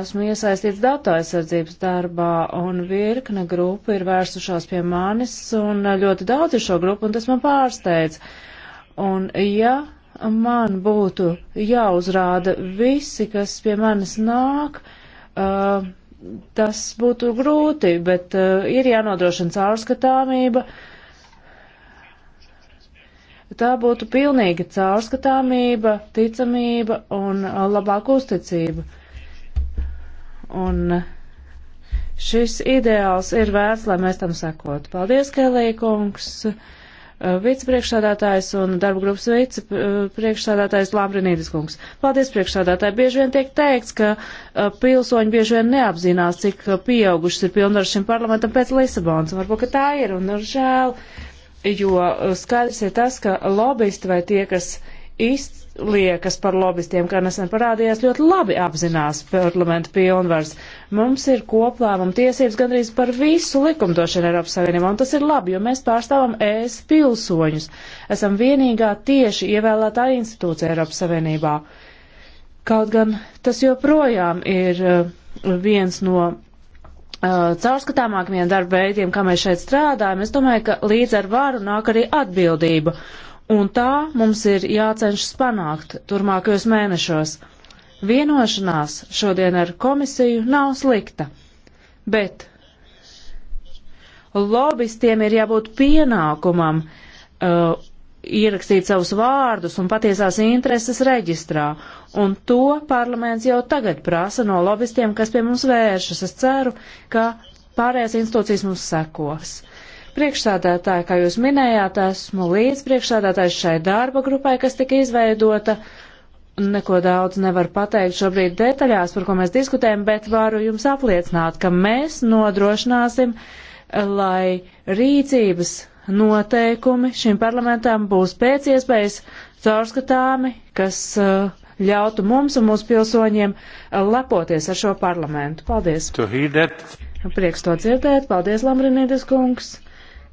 esmu iesaistīts datu aizsardzības darbā, un virkne grupu ir vērsušās pie manis, un ļoti daudz ir šo grupu, un tas man pārsteidz. Un ja man būtu jāuzrāda visi, kas pie manis nāk, uh, tas būtu grūti, bet uh, ir jānodrošina caurskatāmība. Uh, tā būtu pilnīga caurskatāmība, ticamība un uh, labāka uzticība. Un uh, šis ideāls ir vērts, lai mēs tam sekotu. Paldies, Kelija kungs, uh, vicepriekšsādātājs un darba grupas vicepriekšsādātājs Lambrinīdis kungs. Paldies, priekšsādātāji. Bieži vien tiek teikts, ka pilsoņi bieži vien neapzinās, cik pieaugušas ir pilnvaras šim parlamentam pēc Lisabonas. Varbūt, ka tā ir un ir nu, žēl. Uh, jo uh, skaidrs ir tas, ka lobbyisti vai tie, kas izliekas par lobbystiem, kā nesen parādījās, ļoti labi apzinās parlamentu pilnvars. Mums ir koplēmuma tiesības gandrīz par visu likumdošanu Eiropas Savienībā, un tas ir labi, jo mēs pārstāvam ES pilsoņus. Esam vienīgā tieši ievēlētā institūcija Eiropas Savienībā. Kaut gan tas joprojām ir uh, viens no Uh, caurskatāmākiem darba veidiem, kā mēs šeit strādājam, es domāju, ka līdz ar varu nāk arī atbildība. Un tā mums ir jācenšas panākt turmākajos mēnešos. Vienošanās šodien ar komisiju nav slikta, bet lobbystiem ir jābūt pienākumam uh, ierakstīt savus vārdus un patiesās intereses reģistrā. Un to parlaments jau tagad prasa no lobbystiem, kas pie mums vēršas. Es ceru, ka pārējās institūcijas mums sekos. Priekšsādātāji, kā jūs minējāt, esmu līdz priekšsādātājs šai darba grupai, kas tika izveidota. Neko daudz nevar pateikt šobrīd detaļās, par ko mēs diskutējam, bet varu jums apliecināt, ka mēs nodrošināsim, lai rīcības noteikumi šim parlamentam būs pēc iespējas caurskatāmi, kas uh, ļautu mums un mūsu pilsoņiem uh, lepoties ar šo parlamentu. Paldies! Prieks to dzirdēt. Paldies, Lambrinīdis kungs!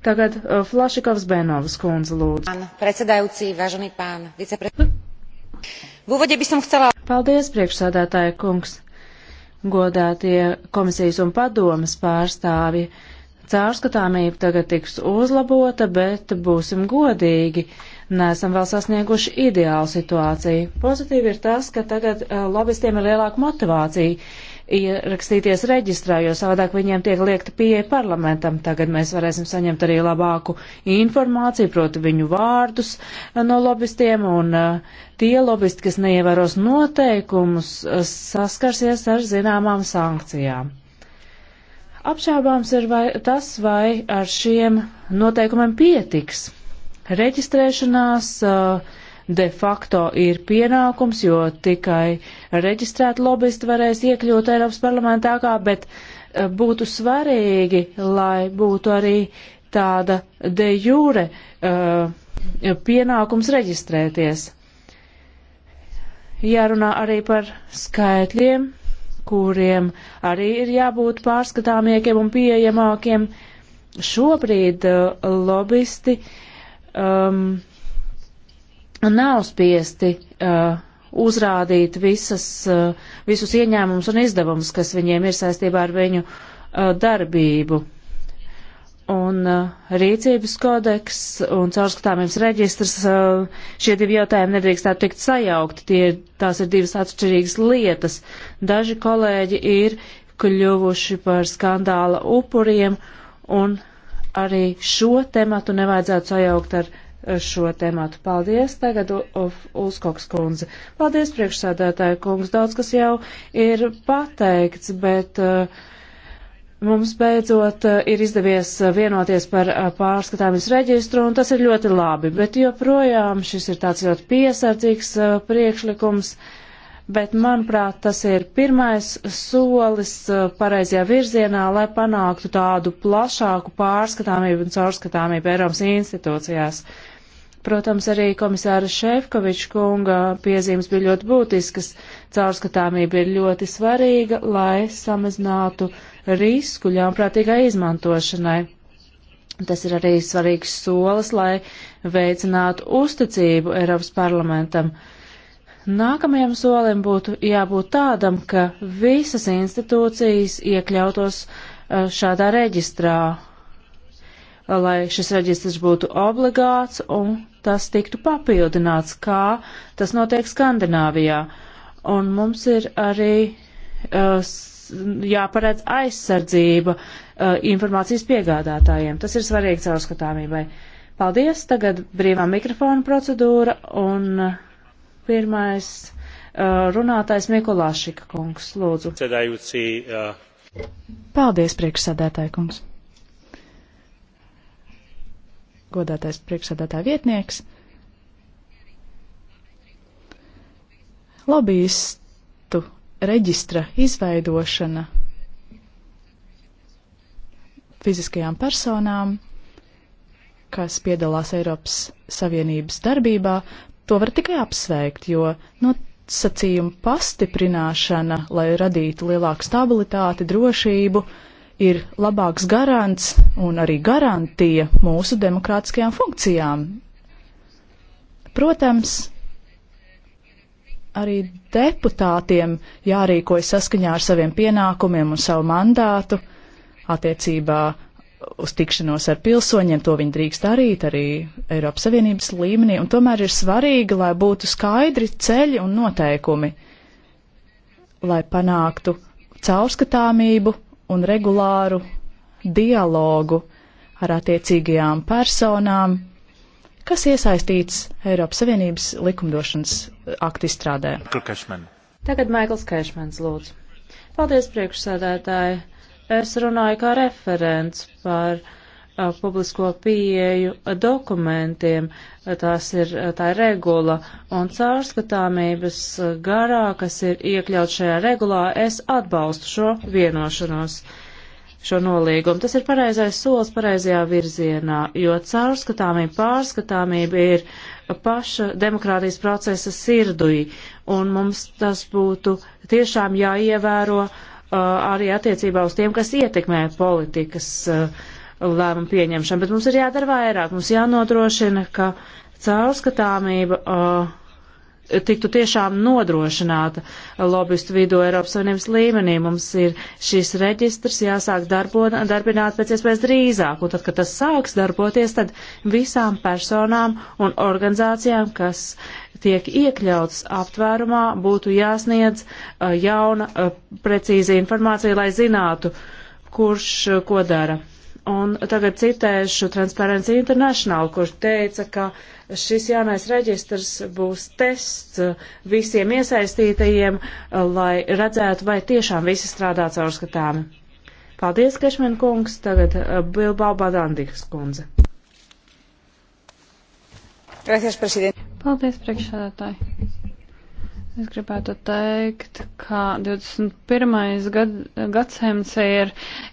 Tagad uh, Flašikovs Benovas kundze lūdzu. Paldies, priekšsādātāja kungs! Godātie komisijas un padomas pārstāvi! Cārskatāmība tagad tiks uzlabota, bet būsim godīgi. Nesam vēl sasnieguši ideālu situāciju. Pozitīvi ir tas, ka tagad eh, lobbystiem ir lielāka motivācija ierakstīties reģistrā, jo savādāk viņiem tiek liekta pieeja parlamentam. Tagad mēs varēsim saņemt arī labāku informāciju, proti viņu vārdus eh, no lobbystiem, un eh, tie lobbysti, kas neievēros noteikumus, saskarsies ar zināmām sankcijām. Apšaubāms ir vai, tas, vai ar šiem noteikumiem pietiks. Reģistrēšanās uh, de facto ir pienākums, jo tikai reģistrēti lobbyisti varēs iekļūt Eiropas parlamentā, bet uh, būtu svarīgi, lai būtu arī tāda de jure uh, pienākums reģistrēties. Jārunā arī par skaitļiem, kuriem arī ir jābūt pārskatāmiekiem un pieejamākiem. Šobrīd uh, lobbyisti um, nav spiesti uh, uzrādīt visas, uh, visus ieņēmumus un izdevumus, kas viņiem ir saistībā ar viņu uh, darbību un uh, rīcības kodeks un caurskatāmības reģistrs, uh, šie divi jautājumi nedrīkstētu tikt sajaukti, tie, tās ir divas atšķirīgas lietas. Daži kolēģi ir kļuvuši par skandāla upuriem, un arī šo tematu nevajadzētu sajaukt ar šo tematu. Paldies, tagad Ulskoks kundze. Paldies, priekšsādātāja kungs, daudz kas jau ir pateikts, bet uh, Mums beidzot eh, ir izdevies eh, vienoties par eh, pārskatāmības reģistru, un tas ir ļoti labi, bet joprojām šis ir tāds ļoti piesardzīgs priekšlikums, bet manuprāt, tas ir pirmais solis pareizajā virzienā, lai panāktu tādu plašāku pārskatāmību un caurskatāmību Eiropas institūcijās. Protams, arī komisāra Šefkoviča kunga piezīmes bija ļoti būtiskas. Caurskatāmība ir ļoti svarīga, lai samazinātu risku ļaunprātīgai izmantošanai. Tas ir arī svarīgs solis, lai veicinātu uzticību Eiropas parlamentam. Nākamajam solim būtu jābūt tādam, ka visas institūcijas iekļautos eh, šādā reģistrā, lai šis reģistrs būtu obligāts un tas tiktu papildināts, kā tas notiek Skandināvijā. Un mums ir arī uh, jāparedz aizsardzība uh, informācijas piegādātājiem. Tas ir svarīgi caurskatāmībai. Paldies, tagad brīvā mikrofona procedūra un uh, pirmais uh, runātājs Mikulāšika kungs, lūdzu. Uh, Paldies, priekšsādētāja kungs. Godātais priekšsādētāja vietnieks. Lobbyists reģistra izveidošana fiziskajām personām, kas piedalās Eiropas Savienības darbībā, to var tikai apsveikt, jo nosacījumu pastiprināšana, lai radītu lielāku stabilitāti, drošību, ir labāks garants un arī garantija mūsu demokrātiskajām funkcijām. Protams, arī deputātiem jārīkojas saskaņā ar saviem pienākumiem un savu mandātu attiecībā uz tikšanos ar pilsoņiem. To viņi drīkst darīt arī Eiropas Savienības līmenī, un tomēr ir svarīgi, lai būtu skaidri ceļi un noteikumi, lai panāktu caurskatāmību un regulāru dialogu ar attiecīgajām personām, kas iesaistīts Eiropas Savienības likumdošanas eh, aktu izstrādē. Tagad Maikls Kešmans lūdzu. Paldies, priekšsēdētāji. Es runāju kā referents par a, publisko pieeju dokumentiem. Tās ir, tā ir regula un caurskatāmības garā, kas ir iekļaut šajā regulā. Es atbalstu šo vienošanos. Uh, šo nolīgumu. Tas ir pareizais solis pareizajā virzienā, jo caurskatāmība, pārskatāmība ir paša demokrātijas procesa sirduji, un mums tas būtu tiešām jāievēro uh, arī attiecībā uz tiem, kas ietekmē politikas uh, lēmumu pieņemšanu, bet mums ir jādara vairāk, mums jānodrošina, ka caurskatāmība. Uh, tiktu tiešām nodrošināta lobbyistu vidū Eiropas Savienības līmenī. Mums ir šis reģistrs jāsāk darbo, darbināt pēc iespējas drīzāk, un tad, kad tas sāks darboties, tad visām personām un organizācijām, kas tiek iekļauts aptvērumā, būtu jāsniedz uh, jauna, uh, precīza informācija, lai zinātu, kurš uh, ko dara. Un tagad citēšu Transparency International, kurš teica, ka uh, šis jaunais reģistrs būs tests visiem iesaistītajiem, lai redzētu, vai tiešām visi strādā caurskatāmi. Paldies, Kešmen kungs, tagad uh, Bilbao Badandikas kundze. Gracias, presidente. Paldies, priekšsēdētāji. Es gribētu teikt, ka 21. Gad, gadsimts ir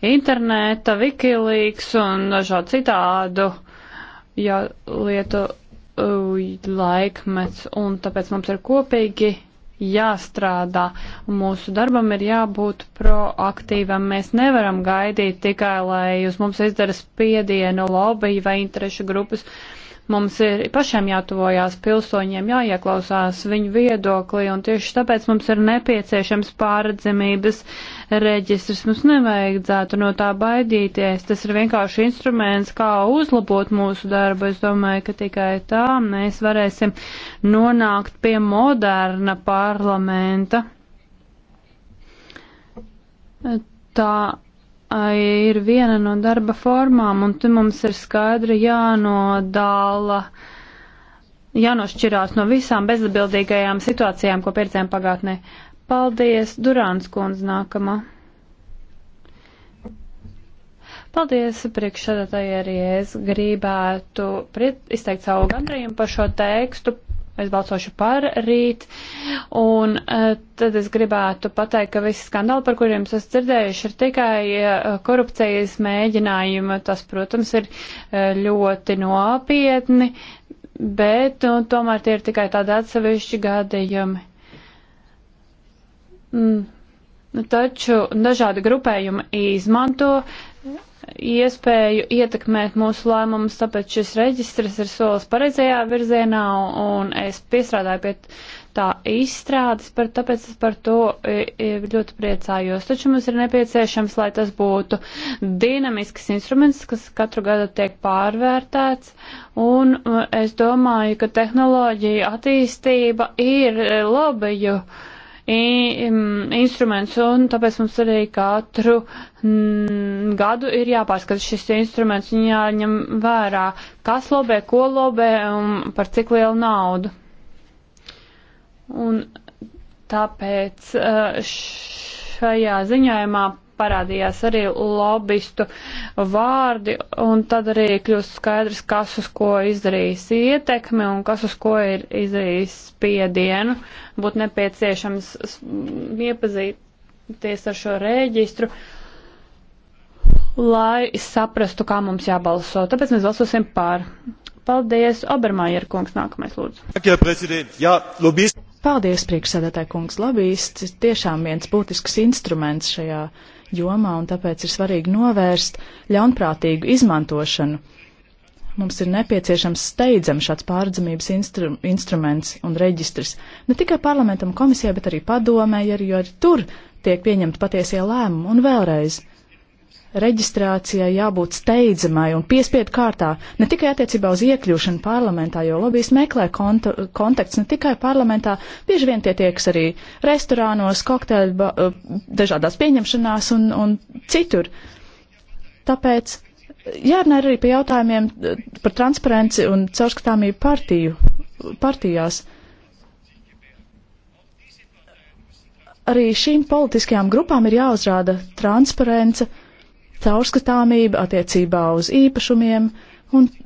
interneta, Wikileaks un dažādu citādu ja, lietu Uh, laikmets, un tāpēc mums ir kopīgi jāstrādā. Mūsu darbam ir jābūt proaktīvam. Mēs nevaram gaidīt tikai, lai uz mums izdara spiedienu lobby vai interešu grupas. Uh, Mums ir pašiem jātuvojās pilsoņiem, jāieklausās viņu viedoklī, un tieši tāpēc mums ir nepieciešams pārredzamības reģistrs. Mums nevajadzētu no tā baidīties. Tas ir vienkārši instruments, kā uzlabot mūsu darbu. Es domāju, ka tikai tā mēs varēsim nonākt pie moderna parlamenta. Tā ir viena no darba formām, un te mums ir skaidri jānodala, jānošķirās no visām bezatbildīgajām situācijām, ko pieredzējām pagātnē. Paldies, Durāns kundze nākamā. Paldies, priekšsēdētāji, arī es gribētu izteikt savu gandrījumu par šo tekstu, es balsošu par rīt. Un uh, tad es gribētu pateikt, ka visi skandāli, par kuriem esat dzirdējuši, ir tikai uh, korupcijas mēģinājumi. Tas, protams, ir uh, ļoti nopietni, bet nu, tomēr tie ir tikai tādi atsevišķi gadījumi. Mm. Taču dažādi grupējumi izmanto iespēju ietekmēt mūsu lēmumus, tāpēc šis reģistrs ir solis pareizajā virzienā, un es piestrādāju pie tā izstrādes, par, tāpēc es par to e, e, ļoti priecājos. Taču mums ir nepieciešams, lai tas būtu dinamisks instruments, kas katru gadu tiek pārvērtēts, un e, es domāju, ka tehnoloģija attīstība ir lobiju. Uh, Mm, instruments, un tāpēc mums arī katru mm, gadu ir jāpārskata šis instruments un jāņem vērā, kas lobē, ko lobē un par cik lielu naudu. Un tāpēc eh, šajā ziņojumā parādījās arī lobistu vārdi, un tad arī kļūst skaidrs, kas uz ko izdarījis ietekmi un kas uz ko ir izdarījis spiedienu. Būtu nepieciešams iepazīties ar šo reģistru, lai saprastu, kā mums jābalso. Tāpēc mēs balsosim pār. Paldies, Obermajer kungs, nākamais lūdzu. Jā, prezident, jā, lobbyist. Paldies, priekšsēdētāji kungs, lobbyists ir tiešām viens būtisks instruments šajā uh, jomā, un tāpēc ir svarīgi novērst ļaunprātīgu izmantošanu. Mums ir nepieciešams steidzam šāds pārdzamības instru instruments un reģistrs ne tikai parlamentam komisijai, bet arī padomē, jo arī tur tiek pieņemti patiesie lēmumi un vēlreiz – reģistrācijai jābūt steidzamai un piespiedu kārtā, ne tikai attiecībā uz iekļūšanu parlamentā, jo lobbyis meklē kont kontakts ne tikai parlamentā, bieži vien tie tieks arī restorānos, kokteļu, eh, dažādās pieņemšanās un, un citur. Tāpēc jārunā arī par jautājumiem eh, par transparenci un caurskatāmību partiju, partijās. Arī šīm politiskajām grupām ir jāuzrāda transparence caurskatāmība attiecībā uz īpašumiem un uh,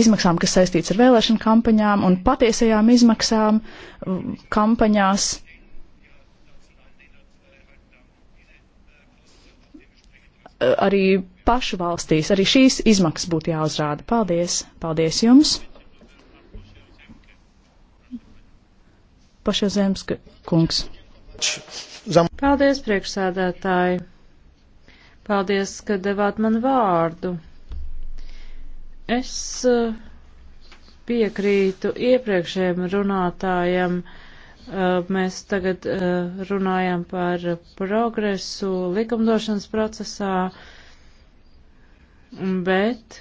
izmaksām, kas saistīts ar vēlēšanu kampaņām un patiesajām izmaksām uh, kampaņās. Uh, arī pašu valstīs, arī šīs izmaksas būtu jāuzrāda. Paldies, paldies jums. Paša Zemska kungs. Paldies, priekšsēdētāji. Paldies, ka devāt man vārdu. Es eh, piekrītu iepriekšējiem runātājiem. Eh, mēs tagad eh, runājam par progresu likumdošanas procesā, bet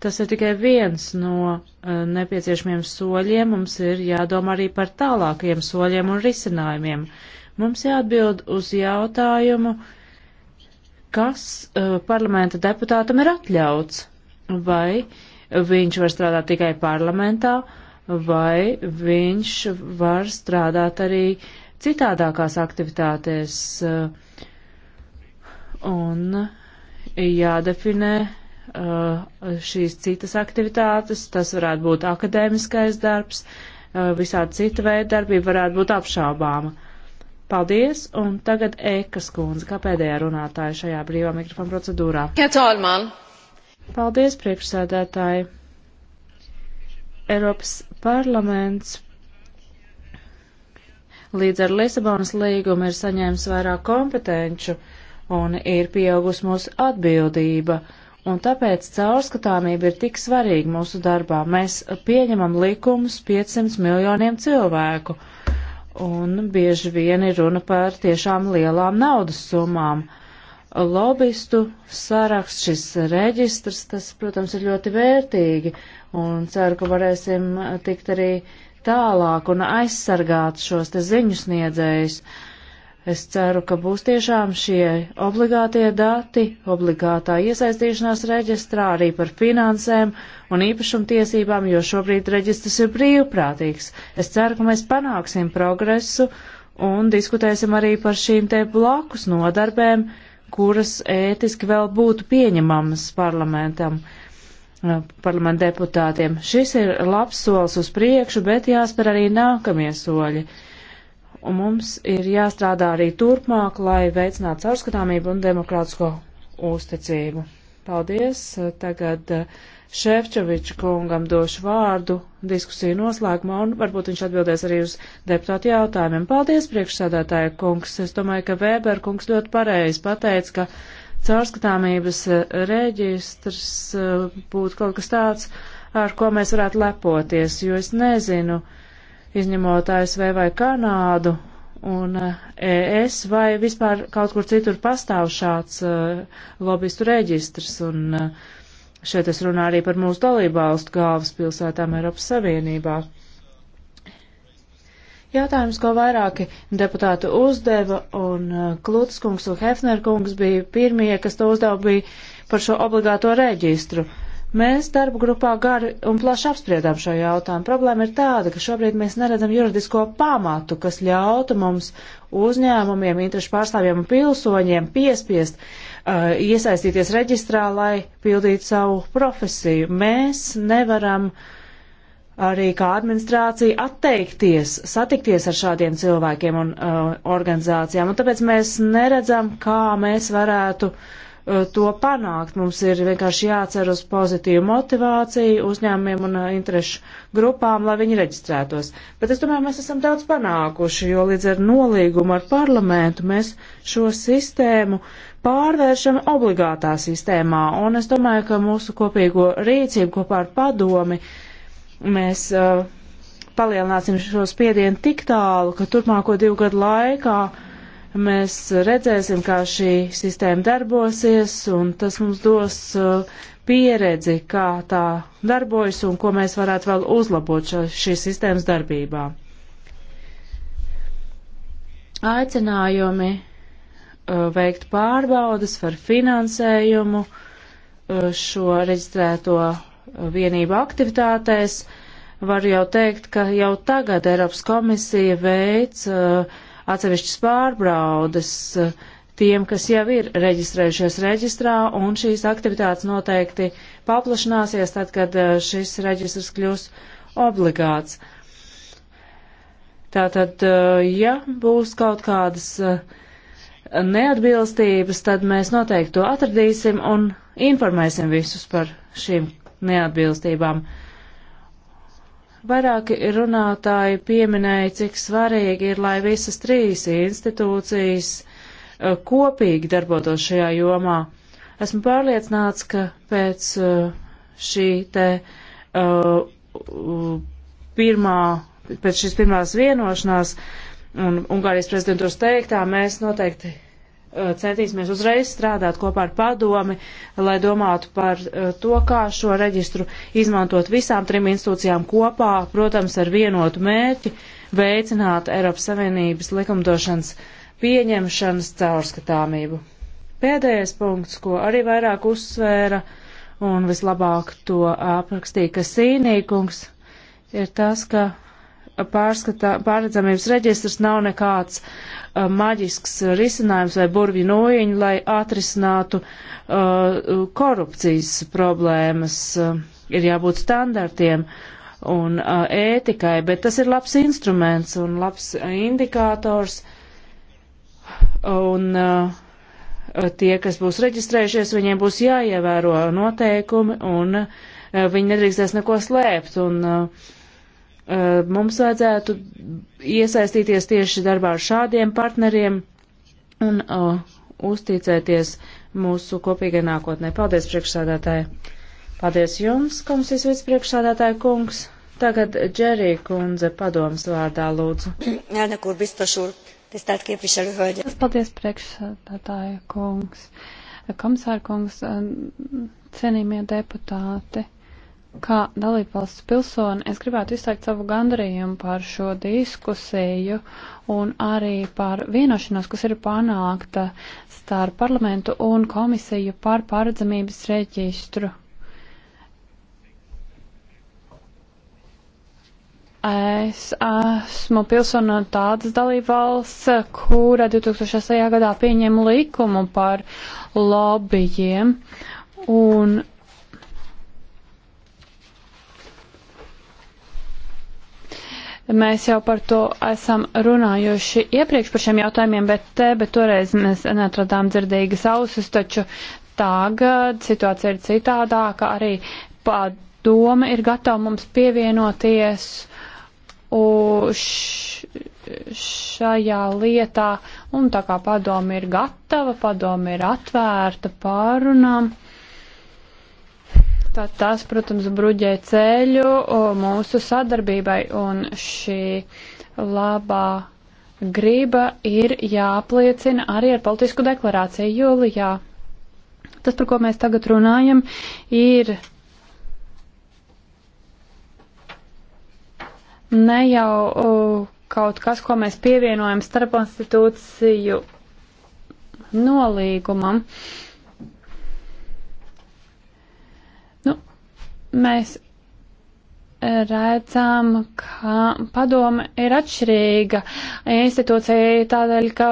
tas ir tikai viens no nepieciešamiem soļiem. Mums ir jādomā arī par tālākajiem soļiem un risinājumiem. Uh, Mums jāatbild uz jautājumu, kas uh, parlamenta deputātam ir atļauts, vai viņš var strādāt tikai parlamentā, vai viņš var strādāt arī citādākās aktivitātēs. Uh, un jādefinē uh, šīs citas aktivitātes. Tas varētu būt akadēmiskais darbs, uh, visādi cita veida darbība varētu būt apšaubāma. Paldies, un tagad Ekas kundze, kā pēdējā runātāja šajā brīvā mikrofona procedūrā. Ketalman. Paldies, priekšsēdētāji. Eiropas parlaments līdz ar Lisabonas līgumu ir saņēmis vairāk kompetenču un ir pieaugusi mūsu atbildība. Un tāpēc caurskatāmība ir tik svarīga mūsu darbā. Mēs pieņemam likumus 500 miljoniem cilvēku. Uh, un bieži vien ir runa par tiešām lielām naudas summām. Lobistu saraksts, šis reģistrs, tas, protams, ir ļoti vērtīgi, un ceru, ka varēsim tikt arī tālāk un aizsargāt šos te ziņu sniedzējus. Uh, Es ceru, ka būs tiešām šie obligātie dati, obligātā iesaistīšanās reģistrā arī par finansēm un īpašumtiesībām, jo šobrīd reģistrs ir brīvprātīgs. Es ceru, ka mēs panāksim progresu un diskutēsim arī par šīm te blakus nodarbēm, kuras ētiski vēl būtu pieņemamas parlamentam, eh, parlamenta deputātiem. Šis ir labs solis uz priekšu, bet jāspēr arī nākamie soļi. Un mums ir jāstrādā arī turpmāk, lai veicinātu caurskatāmību un demokrātisko uzticību. Paldies! Tagad eh, Šefčoviča kungam došu vārdu diskusiju noslēgumā, un varbūt viņš atbildēs arī uz deputātu jautājumiem. Paldies, priekšsādātāja kungs! Es domāju, ka Vēber kungs ļoti pareizi pateica, ka caurskatāmības eh, reģistrs eh, būtu kaut kas tāds, ar ko mēs varētu lepoties, jo es nezinu, uh, izņemot ASV vai Kanādu, un ES eh, e vai vispār kaut kur citur pastāv šāds uh, lobbyistu reģistrs, un uh, šeit es runāju arī par mūsu dalībvalstu galvaspilsētām Eiropas Savienībā. Jautājums, ko vairāki deputāti uzdeva, un uh, Klūtas kungs un Hefner kungs bija pirmie, kas to uzdeva, bija par šo obligāto reģistru. Uh, Mēs darba grupā gari un plaši apspriedām šo jautājumu. Problēma ir tāda, ka šobrīd mēs neredzam juridisko pamatu, kas ļautu mums uzņēmumiem, interešu pārstāvjiem un pilsoņiem piespiest uh, iesaistīties reģistrā, lai pildītu savu profesiju. Mēs nevaram arī kā administrācija atteikties, satikties ar šādiem cilvēkiem un uh, organizācijām, un tāpēc mēs neredzam, kā mēs varētu uh, Uh, to panākt. Mums ir vienkārši jācer uz pozitīvu motivāciju uzņēmumiem un uh, interešu grupām, lai viņi reģistrētos. Bet es domāju, mēs esam daudz panākuši, jo līdz ar nolīgumu ar parlamentu mēs šo sistēmu pārvēršam obligātā sistēmā. Un es domāju, ka mūsu kopīgo rīcību kopā ar padomi mēs. Uh, palielināsim šo spiedienu tik tālu, ka turpmāko divu gadu laikā uh, Mēs redzēsim, kā šī sistēma darbosies, un tas mums dos uh, pieredzi, kā tā darbojas un ko mēs varētu vēl uzlabot šīs sistēmas darbībā. Aicinājumi uh, veikt pārbaudas par finansējumu uh, šo reģistrēto vienību aktivitātēs. Var jau teikt, ka jau tagad Eiropas komisija veic uh, atsevišķas pārbraudas eh, tiem, kas jau ir reģistrējušies reģistrā, un šīs aktivitātes noteikti paplašināsies tad, kad eh, šis reģistrs kļūs obligāts. Tātad, eh, ja būs kaut kādas neatbilstības, tad mēs noteikti to atradīsim un informēsim visus par šīm neatbilstībām. Vairāki runātāji pieminēja, cik svarīgi ir, lai visas trīs institūcijas uh, kopīgi darbotos šajā jomā. Esmu pārliecināts, ka pēc uh, šī te uh, pirmā, pēc šīs pirmās vienošanās un Ungārijas prezidentūras teiktā mēs noteikti Eh, centīsimies uzreiz strādāt kopā ar padomi, lai domātu par eh, to, kā šo reģistru izmantot visām trim institūcijām kopā, protams, ar vienotu mērķi veicināt Eiropas Savienības likumdošanas pieņemšanas caurskatāmību. Pēdējais punkts, ko arī vairāk uzsvēra un vislabāk to aprakstīja Kasīnīkungs, ir tas, ka pārskatā, pārredzamības reģistrs nav nekāds uh, maģisks risinājums vai burvju nojiņu, lai atrisinātu uh, korupcijas problēmas. Uh, ir jābūt standartiem un uh, ētikai, bet tas ir labs instruments un labs indikators. Un, uh, Tie, kas būs reģistrējušies, viņiem būs jāievēro noteikumi un uh, viņi nedrīkstēs neko slēpt. Un, uh, Eh, mums vajadzētu iesaistīties tieši darbā ar šādiem partneriem un uh, uzticēties mūsu kopīgai nākotnē. Paldies, priekšsādātāji! Paldies jums, komisijas vicepriekšsādātāja kungs! Tagad Džerī kundze padomas vārdā lūdzu. Jāna Kurbistosur, tisztelt képviselő hölgye. Paldies, priekšsādātāja kungs! Komisāra kungs, eh, cienījamie deputāti! Kā dalībvalsts pilsoni es gribētu izteikt savu gandarījumu par šo diskusiju un arī par vienošanos, kas ir panākta starp parlamentu un komisiju par paredzamības reģistru. Es esmu pilsona no tādas dalībvalsts, kura 2006. gadā pieņēma likumu par lobbyiem. Un Mēs jau par to esam runājuši iepriekš par šiem jautājumiem, bet, te, bet toreiz mēs netradām dzirdīgas ausis, taču tagad situācija ir citādāka, arī padome ir gatava mums pievienoties šajā lietā, un tā kā padome ir gatava, padome ir atvērta pārunām. Um, Tā tas, protams, bruģē ceļu mūsu sadarbībai, un šī labā griba ir jāapliecina arī ar politisku deklarāciju jūlijā. Tas, par ko mēs tagad runājam, ir ne jau kaut kas, ko mēs pievienojam starp institūciju nolīgumam. Uh, mēs redzam, ka padome ir atšķirīga institūcija tādēļ, ka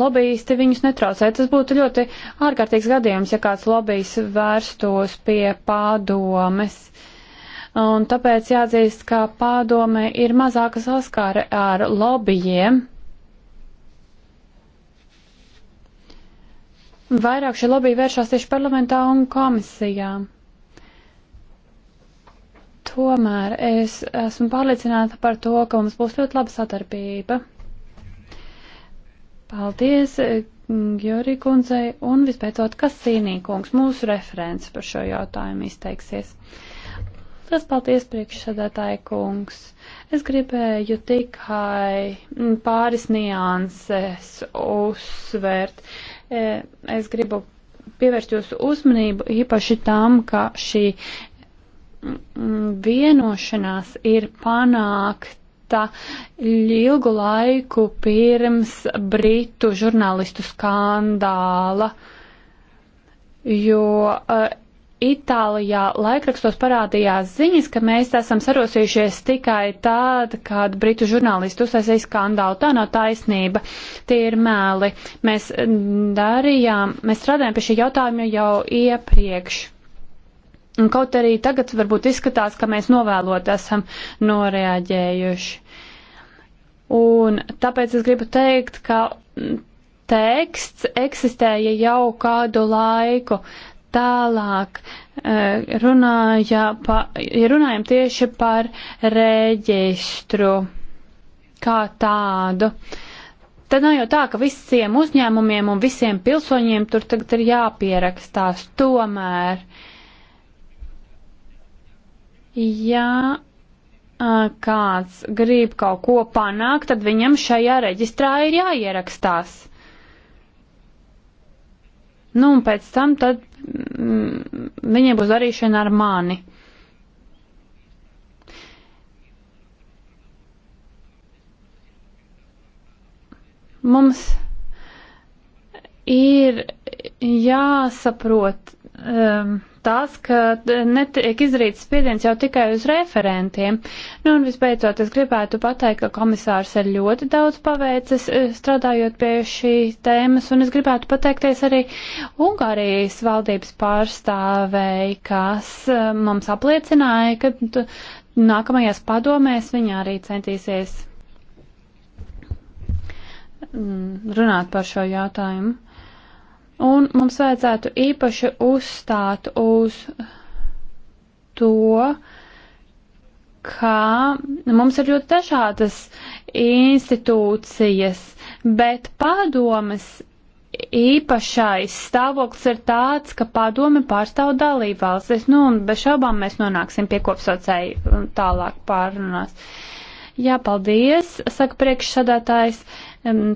lobbyisti viņus netraucē. Tas būtu ļoti ārkārtīgs gadījums, ja kāds lobbyis vērstos pie padomes. Un tāpēc jāatzīst, ka padome ir mazāka saskāre ar lobbyiem. Vairāk šie lobby vēršās tieši parlamentā un komisijām. Tomēr es esmu pārliecināta par to, ka mums būs ļoti laba sadarbība. Paldies Gjorī kundzei un vispēcot, kas cīnī kungs mūsu referents par šo jautājumu izteiksies. Tas paldies priekšsēdētāji kungs. Es gribēju tikai pāris nianses uzsvērt. E, es gribu pievērst jūsu uzmanību īpaši tam, ka šī vienošanās ir panākta ilgu laiku pirms britu žurnālistu skandāla, jo uh, Itālijā laikrakstos parādījās ziņas, ka mēs esam sarosījušies tikai tad, kad britu žurnālisti uzsāsīja skandālu. Tā nav taisnība, tie ir mēli. Mēs darījām, mēs strādājām pie šī jautājuma jau iepriekš. Un kaut arī tagad varbūt izskatās, ka mēs novēlot esam noreaģējuši. Un tāpēc es gribu teikt, ka teksts eksistēja jau kādu laiku. Tālāk e, runāja pa, ja runājam tieši par reģistru kā tādu. Tad nav jau tā, ka visiem uzņēmumiem un visiem pilsoņiem tur tagad ir jāpierakstās. Tomēr uh, Ja kāds grib kaut ko panākt, tad viņam šajā reģistrā ir jāierakstās. Nu, un pēc tam tad mm, viņiem būs darīšana ar mani. Mums ir jāsaprot. Um, tas, ka netiek izrīts spiediens jau tikai uz referentiem. Nu, un visbeidzot, es gribētu pateikt, ka komisārs ir ļoti daudz paveicis e, strādājot pie šīs tēmas, un es gribētu pateikties arī Ungārijas valdības pārstāvēji, kas e, mums apliecināja, ka nākamajās padomēs viņa arī centīsies mm, runāt par šo jautājumu. Un mums vajadzētu īpaši uzstāt uz to, ka mums ir ļoti dažādas institūcijas, bet padomas īpašais stāvoklis ir tāds, ka padome pārstāv dalībvalstis, nu un bez šaubām mēs nonāksim pie kopsaucēju tālāk pārunās. Uh, Jā, paldies, saka priekšsadātājs.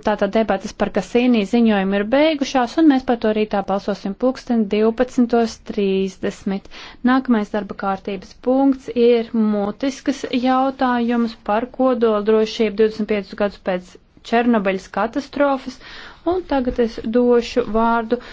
Tātad debatas par kasīnī ziņojumu ir beigušās, un mēs par to rītā balsosim pulksten 12.30. Nākamais darba kārtības punkts ir mutiskas jautājums par kodoldrošību 25 gadus pēc Černobeļas katastrofas, un tagad es došu vārdu